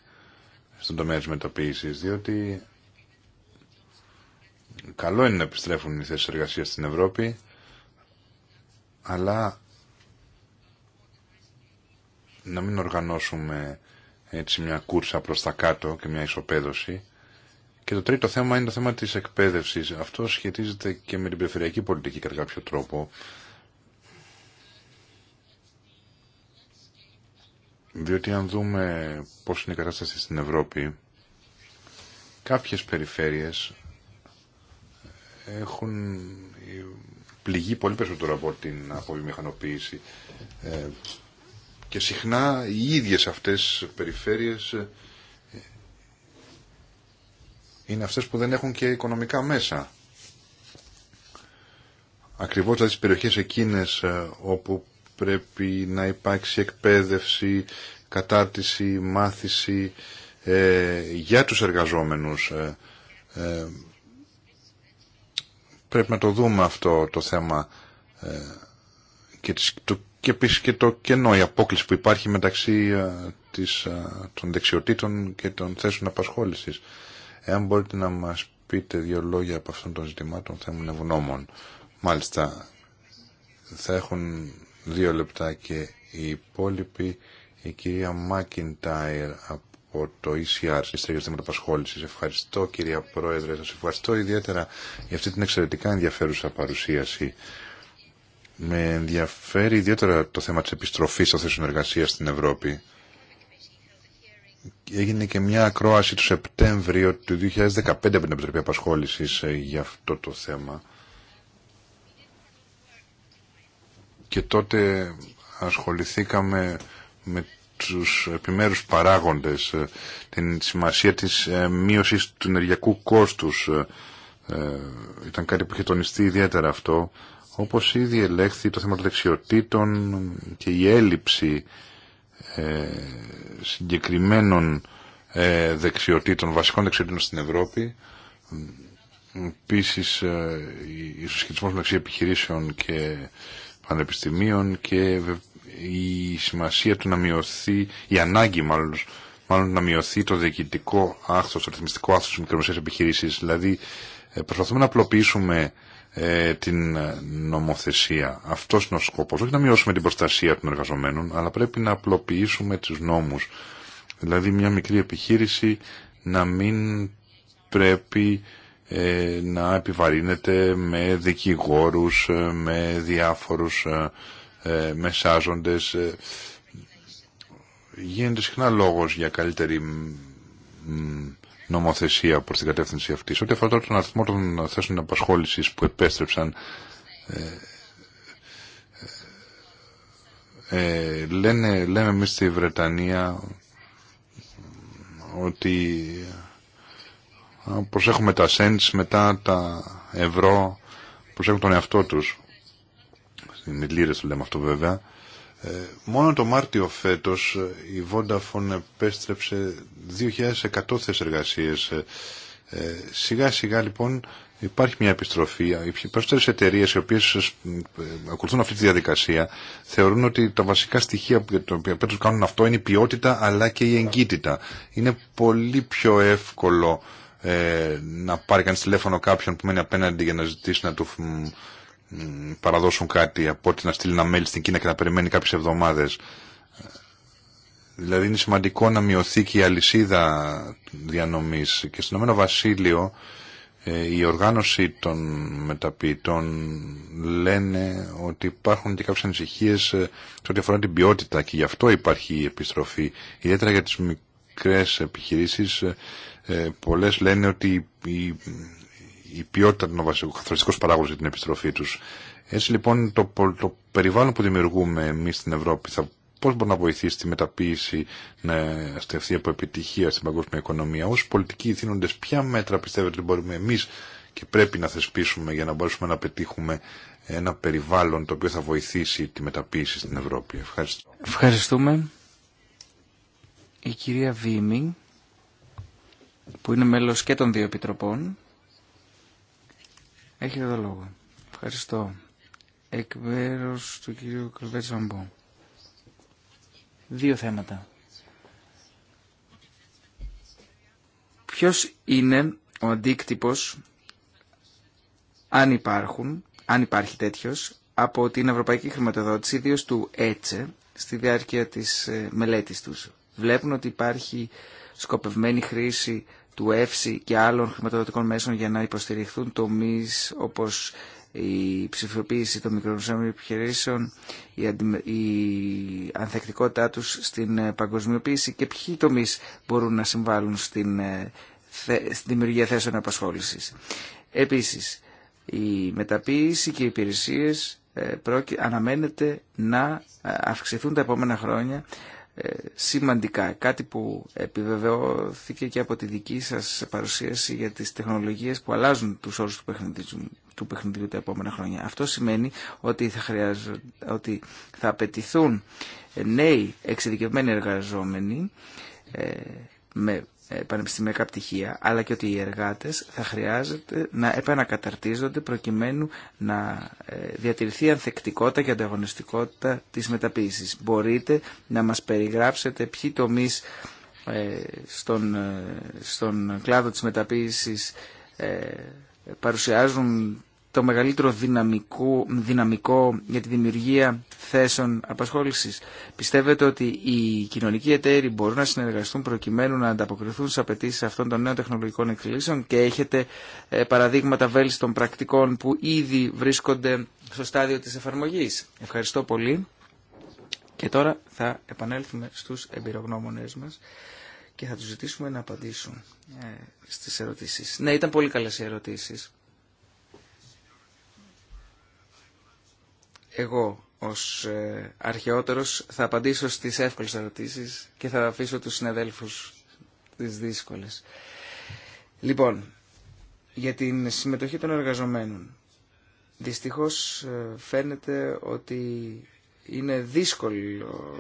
στον τομέα τη μετοποίηση, διότι καλό είναι να επιστρέφουν οι θέσει εργασία στην Ευρώπη, αλλά να μην οργανώσουμε έτσι μια κούρσα προς τα κάτω και μια ισοπαίδωση. Και το τρίτο θέμα είναι το θέμα της εκπαίδευσης. Αυτό σχετίζεται και με την περιφερειακή πολιτική κατά κάποιο τρόπο. Διότι αν δούμε πώς είναι η κατάσταση στην Ευρώπη, κάποιες περιφέρειες έχουν πληγεί πολύ περισσότερο από την αποβιομηχανοποίηση ε, και συχνά οι ίδιες αυτές περιφέρειες ε, είναι αυτές που δεν έχουν και οικονομικά μέσα. Ακριβώς δηλαδή στις περιοχές εκείνες ε, όπου πρέπει να υπάρξει εκπαίδευση, κατάρτιση, μάθηση ε, για τους εργαζόμενους. Ε, ε, πρέπει να το δούμε αυτό το θέμα και, το, και επίσης και το κενό, η απόκληση που υπάρχει μεταξύ της, των δεξιοτήτων και των θέσεων απασχόλησης. Εάν μπορείτε να μας πείτε δύο λόγια από αυτών των ζητημάτων, θα ήμουν ευγνώμων. Μάλιστα, θα έχουν δύο λεπτά και οι υπόλοιποι η κυρία Μάκιντάιρ από το ECR στις τρία θέματα Πασχόλησης. Ευχαριστώ κυρία Πρόεδρε, σας ευχαριστώ ιδιαίτερα για αυτή την εξαιρετικά ενδιαφέρουσα παρουσίαση. Με ενδιαφέρει ιδιαίτερα το θέμα της επιστροφής των θέσεων εργασίας στην Ευρώπη. Έγινε και μια ακρόαση του Σεπτέμβριο του 2015 από την Επιτροπή Απασχόλησης ε, για αυτό το θέμα. και τότε ασχοληθήκαμε με τους επιμέρους παράγοντες, ε, την σημασία της ε, μείωσης του ενεργειακού κόστους. Ε, ήταν κάτι που είχε τονιστεί ιδιαίτερα αυτό. Όπως ήδη ελέγχθη το θέμα των δεξιοτήτων και η έλλειψη συγκεκριμένων δεξιοτήτων, βασικών δεξιοτήτων στην Ευρώπη. Επίση, ο συσχετισμός μεταξύ επιχειρήσεων και πανεπιστημίων και η σημασία του να μειωθεί, η ανάγκη μάλλον, μάλλον να μειωθεί το διοικητικό άξονα το ρυθμιστικό άχθος τη μικρομεσαία επιχείρηση. Δηλαδή ε, προσπαθούμε να απλοποιήσουμε ε, την νομοθεσία. Αυτός είναι ο σκοπός. Όχι να μειώσουμε την προστασία των εργαζομένων, αλλά πρέπει να απλοποιήσουμε του νόμου, Δηλαδή μια μικρή επιχείρηση να μην πρέπει ε, να επιβαρύνεται με δικηγόρους, ε, με διάφορους ε, μεσάζοντες. Γίνεται συχνά λόγος για καλύτερη νομοθεσία προς την κατεύθυνση αυτή. Ό,τι αφορά τον αριθμό των θέσεων απασχόλησης που επέστρεψαν ε, λένε, λέμε εμείς στη Βρετανία ότι προσέχουμε τα cents, μετά τα ευρώ, προσέχουν τον εαυτό τους. είναι λίρες το λέμε αυτό βέβαια. Ε, μόνο το Μάρτιο φέτος ε, η Vodafone επέστρεψε 2.100 θέσεις εργασίες. Ε, σιγά σιγά λοιπόν υπάρχει μια επιστροφή. Οι περισσότερες εταιρείες οι οποίες ακολουθούν αυτή τη διαδικασία θεωρούν ότι τα βασικά στοιχεία που το οποία τους κάνουν αυτό είναι η ποιότητα αλλά και η εγκύτητα. Είναι πολύ πιο εύκολο ε, να πάρει κανείς τηλέφωνο κάποιον που μένει απέναντι για να ζητήσει να του παραδώσουν κάτι από ότι να στείλει ένα mail στην Κίνα και να περιμένει κάποιε εβδομάδες. Δηλαδή είναι σημαντικό να μειωθεί και η αλυσίδα διανομής και στον Ηνωμένο Βασίλειο ε, η οργάνωση των μεταποιητών λένε ότι υπάρχουν και κάποιες ανησυχίες ε, σε ό,τι αφορά την ποιότητα και γι' αυτό υπάρχει η επιστροφή ιδιαίτερα για τις μικρές επιχειρήσεις ε, ε, πολλές λένε ότι η, ποιότητα είναι ο βασικός παράγοντας για την επιστροφή τους. Έτσι λοιπόν το, το περιβάλλον που δημιουργούμε εμείς στην Ευρώπη θα πώς μπορεί να βοηθήσει τη μεταποίηση να στεφθεί από επιτυχία στην παγκόσμια οικονομία. Ω πολιτικοί ηθήνοντες ποια μέτρα πιστεύετε ότι μπορούμε εμείς και πρέπει να θεσπίσουμε για να μπορέσουμε να πετύχουμε ένα περιβάλλον το οποίο θα βοηθήσει τη μεταποίηση στην Ευρώπη. Ευχαριστώ. Ευχαριστούμε η κυρία Βίμη, που είναι μέλος και των δύο επιτροπών, έχει εδώ λόγο. Ευχαριστώ. Εκ μέρους του κυρίου Καλβέτζαμπο. Δύο θέματα. Ποιος είναι ο αντίκτυπος, αν υπάρχουν, αν υπάρχει τέτοιος, από την Ευρωπαϊκή Χρηματοδότηση, ιδίως του ΕΤΣΕ, στη διάρκεια της ε, μελέτης τους βλέπουν ότι υπάρχει σκοπευμένη χρήση του ΕΦΣΙ και άλλων χρηματοδοτικών μέσων για να υποστηριχθούν τομεί όπως η ψηφιοποίηση των μικρονομικών επιχειρήσεων, η ανθεκτικότητά τους στην ε, παγκοσμιοποίηση και ποιοι τομείς μπορούν να συμβάλλουν ε, στην δημιουργία θέσεων απασχόλησης. Επίσης, η μεταποίηση και οι υπηρεσίες ε, αναμένεται να αυξηθούν τα επόμενα χρόνια ε, σημαντικά. Κάτι που επιβεβαιώθηκε και από τη δική σας παρουσίαση για τις τεχνολογίες που αλλάζουν τους όρους του παιχνιδιού, του παιχνιδιού τα επόμενα χρόνια. Αυτό σημαίνει ότι θα, ότι θα απαιτηθούν νέοι εξειδικευμένοι εργαζόμενοι ε, με ε, πανεπιστημιακά πτυχία, αλλά και ότι οι εργάτες θα χρειάζεται να επανακαταρτίζονται προκειμένου να ε, διατηρηθεί ανθεκτικότητα και ανταγωνιστικότητα της μεταποίησης. Μπορείτε να μας περιγράψετε ποιοι τομείς ε, στον, στον κλάδο της μεταποίησης παρουσιάζουν το μεγαλύτερο δυναμικό, δυναμικό για τη δημιουργία θέσεων απασχόλησης. Πιστεύετε ότι οι κοινωνικοί εταίροι μπορούν να συνεργαστούν προκειμένου να ανταποκριθούν στις απαιτήσει αυτών των νέων τεχνολογικών εκκλήσεων και έχετε ε, παραδείγματα των πρακτικών που ήδη βρίσκονται στο στάδιο της εφαρμογής. Ευχαριστώ πολύ. Και τώρα θα επανέλθουμε στους εμπειρογνώμονές μας και θα τους ζητήσουμε να απαντήσουν ε, στις ερωτήσεις. Ναι, ήταν πολύ καλές οι ερωτήσεις. εγώ ως ε, αρχαιότερος θα απαντήσω στις εύκολες ερωτήσεις και θα αφήσω τους συναδέλφους τις δύσκολες. Λοιπόν, για την συμμετοχή των εργαζομένων. Δυστυχώς ε, φαίνεται ότι είναι δύσκολο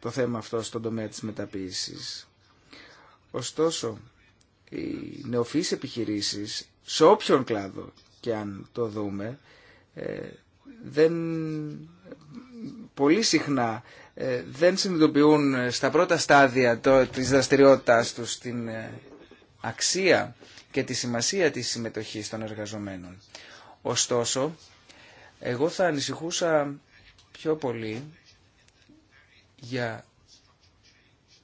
το θέμα αυτό στον τομέα της μεταποίησης. Ωστόσο, οι νεοφυείς επιχειρήσεις, σε όποιον κλάδο και αν το δούμε, ε, δεν, πολύ συχνά ε, δεν συνειδητοποιούν ε, στα πρώτα στάδια το, της δραστηριότητάς τους την ε, αξία και τη σημασία της συμμετοχής των εργαζομένων. Ωστόσο, εγώ θα ανησυχούσα πιο πολύ για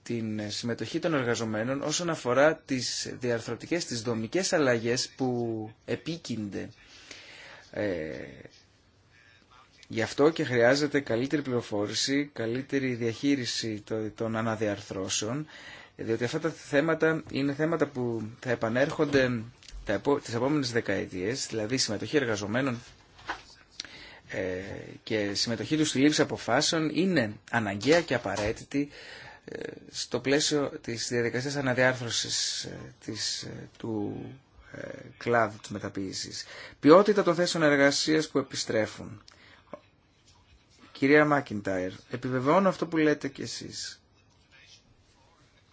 την συμμετοχή των εργαζομένων όσον αφορά τις διαρθρωτικές, τις δομικές αλλαγές που επίκυνται Γι' αυτό και χρειάζεται καλύτερη πληροφόρηση, καλύτερη διαχείριση των αναδιαρθρώσεων, διότι αυτά τα θέματα είναι θέματα που θα επανέρχονται τις επόμενες δεκαετίες, δηλαδή συμμετοχή εργαζομένων ε, και συμμετοχή του στη λήψη αποφάσεων είναι αναγκαία και απαραίτητη ε, στο πλαίσιο της διαδικασίας αναδιάρθρωσης ε, της, του κλάδου της μεταποίησης. Ποιότητα των θέσεων εργασίας που επιστρέφουν. Κυρία Μάκιντάιρ, επιβεβαιώνω αυτό που λέτε κι εσείς.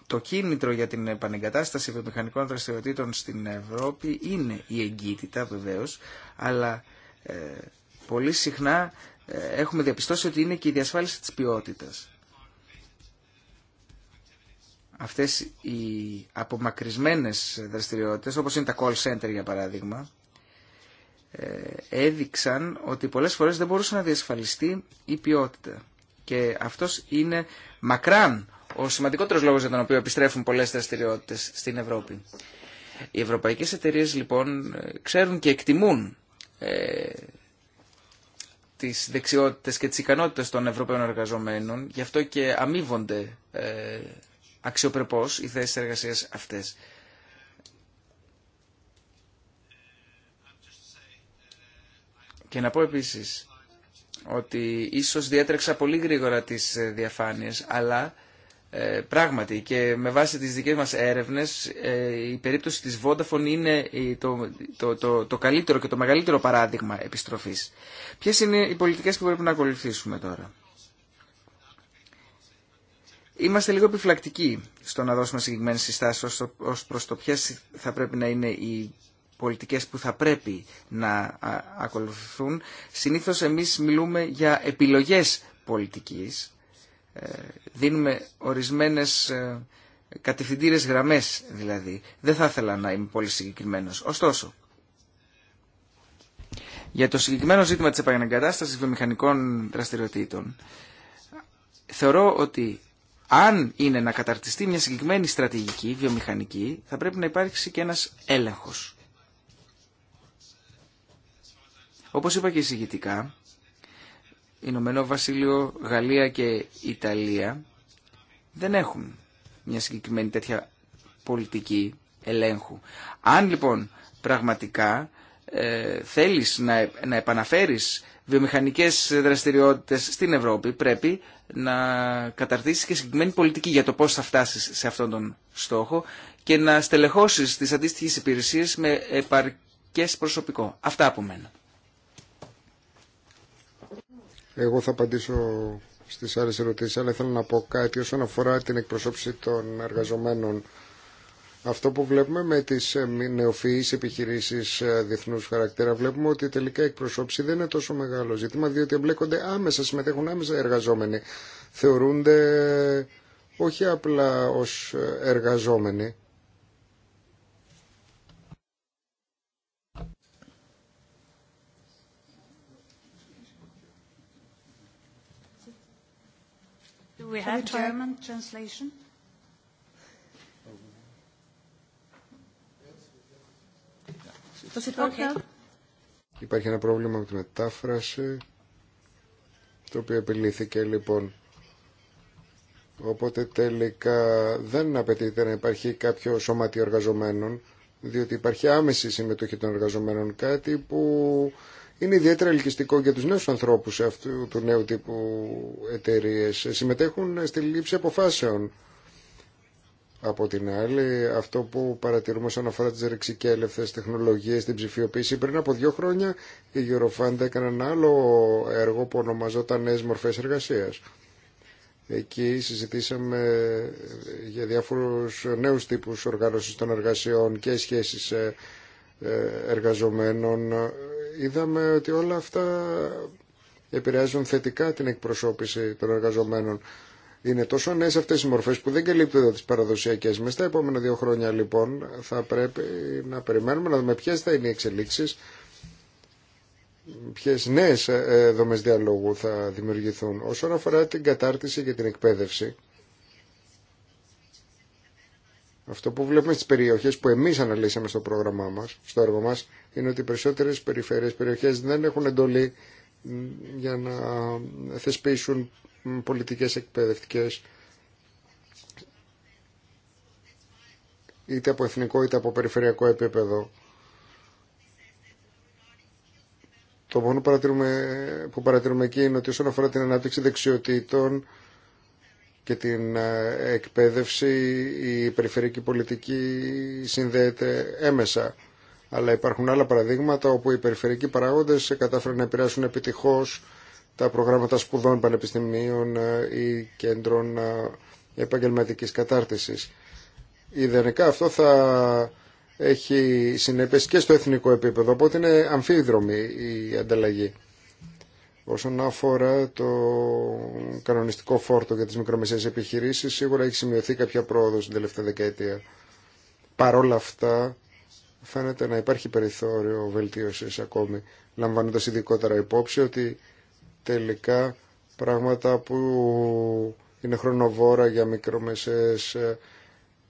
Το κίνητρο για την επανεγκατάσταση βιομηχανικών δραστηριοτήτων στην Ευρώπη είναι η εγκύτητα βεβαίως, αλλά ε, πολύ συχνά ε, έχουμε διαπιστώσει ότι είναι και η διασφάλιση της ποιότητας. Αυτές οι απομακρυσμένες δραστηριότητες, όπως είναι τα call center για παράδειγμα, ε, έδειξαν ότι πολλές φορές δεν μπορούσε να διασφαλιστεί η ποιότητα. Και αυτός είναι μακράν ο σημαντικότερος λόγος για τον οποίο επιστρέφουν πολλές δραστηριότητε στην Ευρώπη. Οι ευρωπαϊκές εταιρείες λοιπόν ε, ξέρουν και εκτιμούν ε, τις δεξιότητες και τις ικανότητες των Ευρωπαίων εργαζομένων, γι' αυτό και αμείβονται ε, αξιοπρεπώς οι θέσεις εργασίας αυτές. Και να πω επίσης ότι ίσως διέτρεξα πολύ γρήγορα τις ε, διαφάνειες, αλλά ε, πράγματι και με βάση τις δικές μας έρευνες ε, η περίπτωση της Vodafone είναι το, το, το, το καλύτερο και το μεγαλύτερο παράδειγμα επιστροφής. Ποιες είναι οι πολιτικές που πρέπει να ακολουθήσουμε τώρα. Είμαστε λίγο επιφυλακτικοί στο να δώσουμε συγκεκριμένε συστάσει ω προ το ποιε θα πρέπει να είναι οι πολιτικές που θα πρέπει να ακολουθούν. Συνήθως εμείς μιλούμε για επιλογές πολιτικής. Ε, δίνουμε ορισμένες ε, κατευθυντήρες γραμμές δηλαδή. Δεν θα ήθελα να είμαι πολύ συγκεκριμένο. Ωστόσο, για το συγκεκριμένο ζήτημα της επαναγκατάστασης βιομηχανικών δραστηριοτήτων, θεωρώ ότι αν είναι να καταρτιστεί μια συγκεκριμένη στρατηγική βιομηχανική, θα πρέπει να υπάρξει και ένας έλεγχος. Όπως είπα και εισηγητικά, Ηνωμένο Βασίλειο, Γαλλία και Ιταλία δεν έχουν μια συγκεκριμένη τέτοια πολιτική ελέγχου. Αν λοιπόν πραγματικά ε, θέλεις να, να επαναφέρεις βιομηχανικές δραστηριότητες στην Ευρώπη πρέπει να καταρτήσεις και συγκεκριμένη πολιτική για το πώς θα φτάσεις σε αυτόν τον στόχο και να στελεχώσεις τις αντίστοιχες υπηρεσίες με επαρκές προσωπικό. Αυτά από μένα. Εγώ θα απαντήσω στις άλλες ερωτήσεις, αλλά θέλω να πω κάτι όσον αφορά την εκπροσώπηση των εργαζομένων. Αυτό που βλέπουμε με τις ε, νεοφυείς επιχειρήσεις ε, διεθνούς χαρακτήρα, βλέπουμε ότι τελικά η εκπροσώπηση δεν είναι τόσο μεγάλο ζήτημα, διότι εμπλέκονται άμεσα, συμμετέχουν άμεσα εργαζόμενοι. Θεωρούνται όχι απλά ως ε, εργαζόμενοι, Υπάρχει ένα πρόβλημα με τη μετάφραση το οποίο επιλύθηκε λοιπόν. Οπότε τελικά δεν απαιτείται να υπάρχει κάποιο σωματιο εργαζομένων διότι υπάρχει άμεση συμμετοχή των εργαζομένων κάτι που είναι ιδιαίτερα ελκυστικό για τους νέους ανθρώπους αυτού του νέου τύπου εταιρείες. Συμμετέχουν στη λήψη αποφάσεων. Από την άλλη, αυτό που παρατηρούμε όσον αφορά τις ρεξικέλευθες τεχνολογίες, την ψηφιοποίηση, πριν από δύο χρόνια η Eurofund έκανε ένα άλλο έργο που ονομαζόταν νέε μορφές εργασίας». Εκεί συζητήσαμε για διάφορους νέους τύπους οργάνωσης των εργασιών και σχέσεις ε, ε, εργαζομένων είδαμε ότι όλα αυτά επηρεάζουν θετικά την εκπροσώπηση των εργαζομένων. Είναι τόσο νέε αυτέ οι μορφέ που δεν καλύπτονται τι παραδοσιακέ. Με στα επόμενα δύο χρόνια λοιπόν θα πρέπει να περιμένουμε να δούμε ποιε θα είναι οι εξελίξει, ποιε νέε ε, δομέ διαλόγου θα δημιουργηθούν. Όσον αφορά την κατάρτιση και την εκπαίδευση, αυτό που βλέπουμε στις περιοχές που εμείς αναλύσαμε στο πρόγραμμά μας, στο έργο μας, είναι ότι οι περισσότερες περιφέρειες, περιοχές δεν έχουν εντολή για να θεσπίσουν πολιτικές εκπαιδευτικές είτε από εθνικό είτε από περιφερειακό επίπεδο. Το μόνο παρατηρούμε, που παρατηρούμε εκεί είναι ότι όσον αφορά την ανάπτυξη δεξιοτήτων και την ε, εκπαίδευση η περιφερειακή πολιτική συνδέεται έμεσα. Αλλά υπάρχουν άλλα παραδείγματα όπου οι περιφερειακοί παράγοντες κατάφεραν να επηρεάσουν επιτυχώς τα προγράμματα σπουδών πανεπιστημίων ε, ή κέντρων ε, επαγγελματικής κατάρτισης. Ιδανικά αυτό θα έχει συνέπειες και στο εθνικό επίπεδο, οπότε είναι αμφίδρομη η ανταλλαγή. Όσον αφορά το κανονιστικό φόρτο για τις μικρομεσαίες επιχειρήσεις, σίγουρα έχει σημειωθεί κάποια πρόοδος την τελευταία δεκαετία. Παρ' όλα αυτά, φαίνεται να υπάρχει περιθώριο βελτίωσης ακόμη, λαμβάνοντας ειδικότερα υπόψη ότι τελικά πράγματα που είναι χρονοβόρα για μικρομεσαίες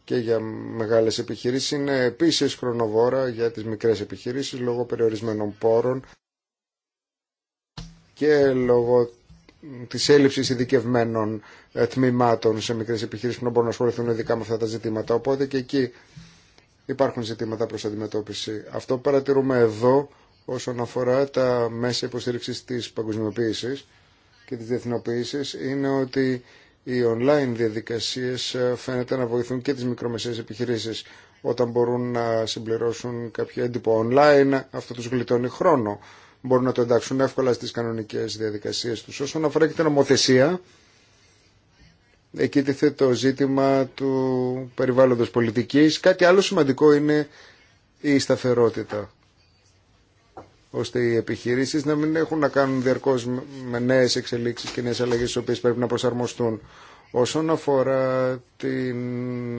και για μεγάλες επιχειρήσεις είναι επίσης χρονοβόρα για τις μικρές επιχειρήσεις λόγω περιορισμένων πόρων και λόγω τη έλλειψη ειδικευμένων ε, τμήματων σε μικρέ επιχείρησει που να μπορούν να ασχοληθούν ειδικά με αυτά τα ζητήματα. Οπότε και εκεί υπάρχουν ζητήματα προ αντιμετώπιση. Αυτό παρατηρούμε εδώ όσον αφορά τα μέσα υποστήριξη τη παγκοσμιοποίηση και τη διεθνοποίηση είναι ότι οι online διαδικασίε ε, φαίνεται να βοηθούν και τι μικρομεσαίες επιχειρήσει, όταν μπορούν να συμπληρώσουν κάποιο έντυπο online αυτό τους γλιτώνει χρόνο μπορούν να το εντάξουν εύκολα στις κανονικές διαδικασίες τους. Όσον αφορά και την ομοθεσία, εκεί τίθε το ζήτημα του περιβάλλοντος πολιτικής. Κάτι άλλο σημαντικό είναι η σταθερότητα ώστε οι επιχειρήσεις να μην έχουν να κάνουν διαρκώς με νέες εξελίξεις και νέες αλλαγές στις οποίες πρέπει να προσαρμοστούν. Όσον αφορά την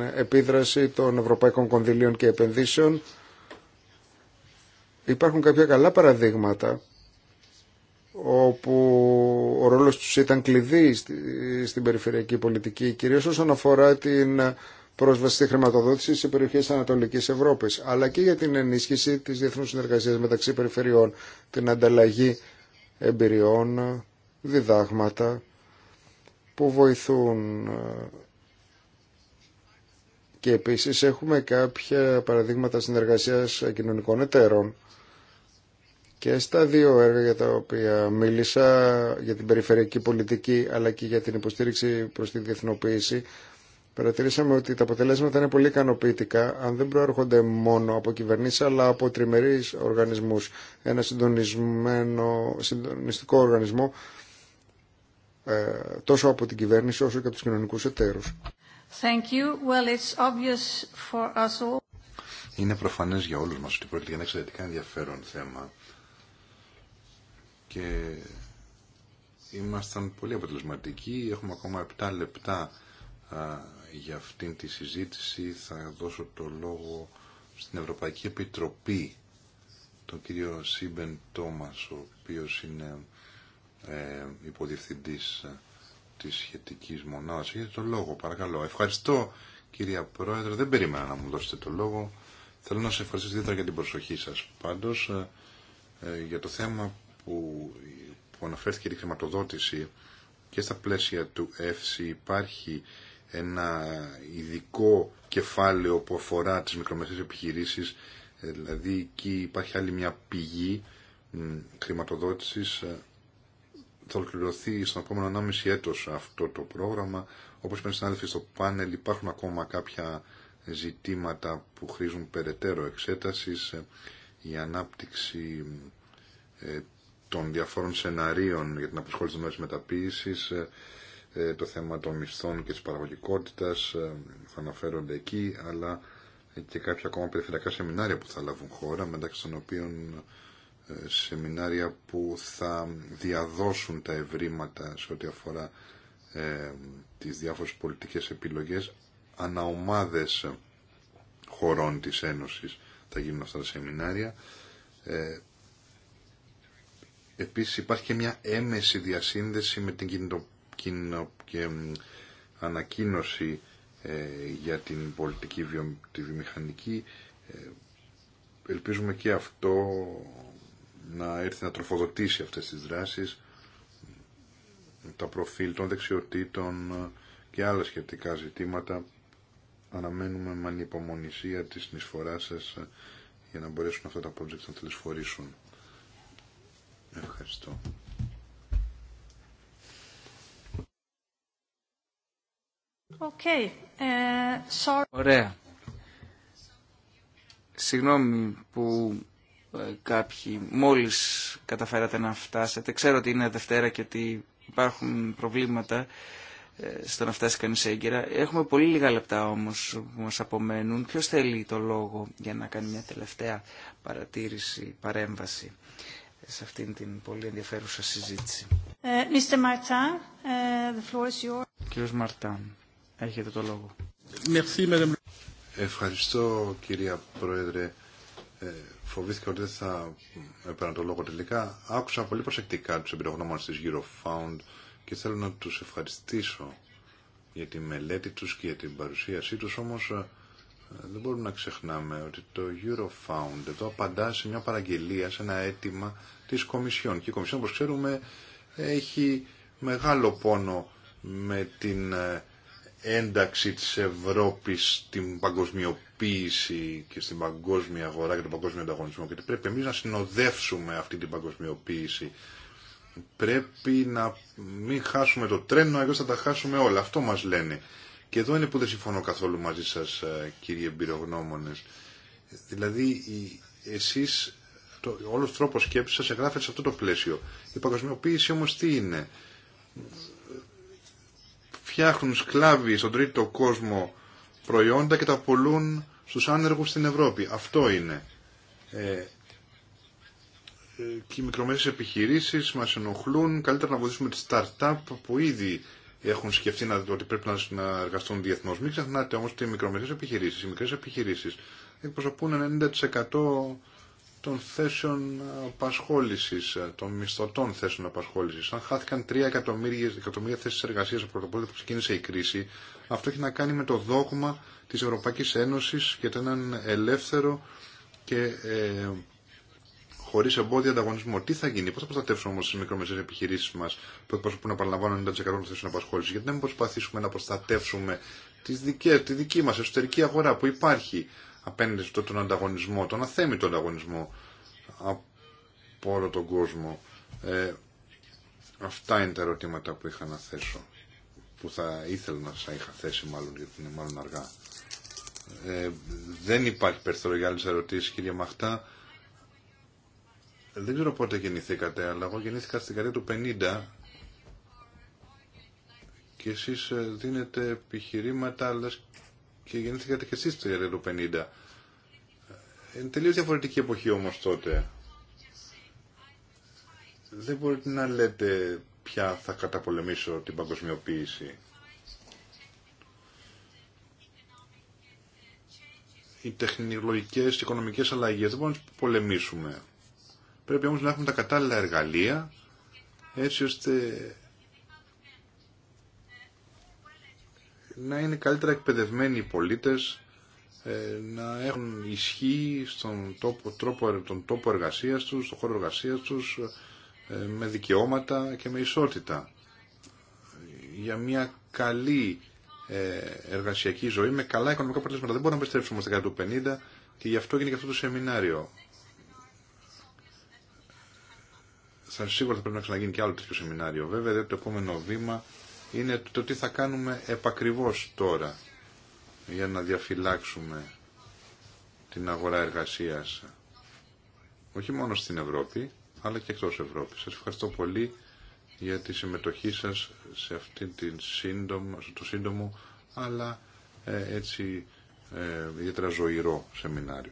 επίδραση των Ευρωπαϊκών Κονδυλίων και Επενδύσεων, Υπάρχουν κάποια καλά παραδείγματα όπου ο ρόλος τους ήταν κλειδί στην περιφερειακή πολιτική, κυρίως όσον αφορά την πρόσβαση στη χρηματοδότηση σε περιοχές Ανατολικής Ευρώπης, αλλά και για την ενίσχυση της διεθνούς συνεργασίας μεταξύ περιφερειών, την ανταλλαγή εμπειριών, διδάγματα που βοηθούν. Και επίσης έχουμε κάποια παραδείγματα συνεργασίας κοινωνικών εταίρων και στα δύο έργα για τα οποία μίλησα, για την περιφερειακή πολιτική αλλά και για την υποστήριξη προς τη διεθνοποίηση, παρατηρήσαμε ότι τα αποτελέσματα είναι πολύ ικανοποιητικά αν δεν προέρχονται μόνο από κυβερνήσεις αλλά από τριμερείς οργανισμούς, ένα συντονισμένο, συντονιστικό οργανισμό ε, τόσο από την κυβέρνηση όσο και από τους κοινωνικούς εταίρους. Είναι προφανές για όλους μας ότι πρόκειται για ένα εξαιρετικά ενδιαφέρον θέμα και ήμασταν πολύ αποτελεσματικοί. Έχουμε ακόμα 7 λεπτά για αυτήν τη συζήτηση. Θα δώσω το λόγο στην Ευρωπαϊκή Επιτροπή, τον κύριο Σίμπεν Τόμας, ο οποίος είναι ε, υποδιευθυντής ε, της σχετικής μονάδας. Έχετε το λόγο, παρακαλώ. Ευχαριστώ, κυρία Πρόεδρε. Δεν περίμενα να μου δώσετε το λόγο. Θέλω να σε ευχαριστήσω για την προσοχή σας. Πάντως, ε, ε, για το θέμα που, που αναφέρθηκε η χρηματοδότηση και στα πλαίσια του ΕΦΣΥ υπάρχει ένα ειδικό κεφάλαιο που αφορά τις μικρομεσαίες επιχειρήσεις, δηλαδή εκεί υπάρχει άλλη μια πηγή χρηματοδότησης. Ε, θα ολοκληρωθεί στον επόμενο 1,5 έτος αυτό το πρόγραμμα. Όπως είπαν οι συνάδελφοι στο πάνελ υπάρχουν ακόμα κάποια ζητήματα που χρήζουν περαιτέρω εξέτασης, ε, η ανάπτυξη ε, των διαφόρων σεναρίων για την απασχόληση των ε, ε, το θέμα των μισθών και της παραγωγικότητας ε, θα αναφέρονται εκεί, αλλά και κάποια ακόμα περιφερειακά σεμινάρια που θα λάβουν χώρα, μεταξύ των οποίων σεμινάρια που θα διαδώσουν τα ευρήματα σε ό,τι αφορά ε, τις διάφορες πολιτικές επιλογές αναομάδες χωρών της Ένωσης θα γίνουν αυτά τα σεμινάρια. Επίσης υπάρχει και μια έμεση διασύνδεση με την κοινο, και, ανακοίνωση ε, για την πολιτική βιο, τη βιομηχανική. Ε, ελπίζουμε και αυτό να έρθει να τροφοδοτήσει αυτές τις δράσεις, τα προφίλ των δεξιοτήτων ε, και άλλα σχετικά ζητήματα. Αναμένουμε με ανυπομονησία της νησφοράς σας για να μπορέσουν αυτά τα project να τελεσφορήσουν. Ευχαριστώ. Okay. Uh, Ωραία. Συγγνώμη που ε, κάποιοι μόλις καταφέρατε να φτάσετε. Ξέρω ότι είναι Δευτέρα και ότι υπάρχουν προβλήματα ε, στο να φτάσει κανείς έγκαιρα. Έχουμε πολύ λίγα λεπτά όμως που μας απομένουν. Ποιος θέλει το λόγο για να κάνει μια τελευταία παρατήρηση, παρέμβαση σε αυτήν την πολύ ενδιαφέρουσα συζήτηση. Ε, Mr. Ε, Κύριος Μαρτάν, έχετε το λόγο. Ευχαριστώ κυρία Πρόεδρε. Ε, φοβήθηκα ότι δεν θα έπαιρνα το λόγο τελικά. Άκουσα πολύ προσεκτικά τους εμπειρογνώμονες της Eurofound και θέλω να τους ευχαριστήσω για τη μελέτη τους και για την παρουσίασή τους. Όμως ε, δεν μπορούμε να ξεχνάμε ότι το Eurofound εδώ απαντά σε μια παραγγελία, σε ένα αίτημα της Κομισιόν. Και η Κομισιόν, όπως ξέρουμε, έχει μεγάλο πόνο με την ε, ένταξη της Ευρώπης στην παγκοσμιοποίηση και στην παγκόσμια αγορά και τον παγκόσμιο ανταγωνισμό. Και πρέπει εμείς να συνοδεύσουμε αυτή την παγκοσμιοποίηση. Πρέπει να μην χάσουμε το τρένο, αλλιώς θα τα χάσουμε όλα. Αυτό μας λένε. Και εδώ είναι που δεν συμφωνώ καθόλου μαζί σας, ε, κύριε εμπειρογνώμονες. Δηλαδή, εσείς, το, όλος τρόπος σκέψης σας εγγράφεται σε αυτό το πλαίσιο. Η παγκοσμιοποίηση όμως τι είναι. Φτιάχνουν σκλάβοι στον τρίτο κόσμο προϊόντα και τα πουλούν στους άνεργους στην Ευρώπη. Αυτό είναι. Ε, ε και οι μικρομέσες επιχειρήσεις μας ενοχλούν. Καλύτερα να βοηθήσουμε τη startup που ήδη έχουν σκεφτεί να, ότι πρέπει να, εργαστούν διεθνώ. Μην ξεχνάτε όμω ότι οι μικρομεσαίε επιχειρήσει, οι μικρέ επιχειρήσει εκπροσωπούν 90% των θέσεων απασχόληση, των μισθωτών θέσεων απασχόληση. Αν χάθηκαν 3 εκατομμύρια, εκατομμύρια θέσει εργασία από το πρώτο που ξεκίνησε η κρίση, αυτό έχει να κάνει με το δόγμα τη Ευρωπαϊκή Ένωση για έναν ελεύθερο και ε, χωρί εμπόδιο ανταγωνισμό. Τι θα γίνει, πώ θα προστατεύσουμε όμω τι μικρομεσαίε επιχειρήσει μα που εκπροσωπούν να παραλαμβάνουν 90% των θέσεων απασχόληση, γιατί να μην προσπαθήσουμε να προστατεύσουμε τις δικές, τη δική μα εσωτερική αγορά που υπάρχει απέναντι στον τον ανταγωνισμό, τον αθέμητο ανταγωνισμό από όλο τον κόσμο. Ε, αυτά είναι τα ερωτήματα που είχα να θέσω, που θα ήθελα να σα είχα θέσει μάλλον, γιατί είναι μάλλον αργά. Ε, δεν υπάρχει περιθώριο για άλλε ερωτήσει, κύριε Μαχτά. Δεν ξέρω πότε γεννηθήκατε, αλλά εγώ γεννήθηκα στην καρδιά του 50 και εσείς ε, δίνετε επιχειρήματα, αλλά και γεννήθηκατε και εσείς στην καρδιά του 50. Ε, είναι τελείως διαφορετική εποχή όμως τότε. Δεν μπορείτε να λέτε πια θα καταπολεμήσω την παγκοσμιοποίηση. Οι τεχνολογικές, οι οικονομικές αλλαγές δεν μπορούμε να πολεμήσουμε. Πρέπει όμως να έχουμε τα κατάλληλα εργαλεία έτσι ώστε να είναι καλύτερα εκπαιδευμένοι οι πολίτες, ε, να έχουν ισχύ στον τόπο, τρόπο, τον τόπο εργασίας τους, στον χώρο εργασίας τους, ε, με δικαιώματα και με ισότητα. Για μια καλή ε, εργασιακή ζωή με καλά οικονομικά αποτελέσματα. Δεν μπορούμε να επιστρέψουμε στα 150 και γι' αυτό έγινε και αυτό το σεμινάριο. θα, σίγουρα θα πρέπει να ξαναγίνει και άλλο τέτοιο σεμινάριο. Βέβαια, το επόμενο βήμα είναι το τι θα κάνουμε επακριβώς τώρα για να διαφυλάξουμε την αγορά εργασίας όχι μόνο στην Ευρώπη αλλά και εκτός Ευρώπης. Σας ευχαριστώ πολύ για τη συμμετοχή σας σε αυτή την σύντομο, το σύντομο αλλά ε, έτσι ε, ιδιαίτερα ζωηρό σεμινάριο.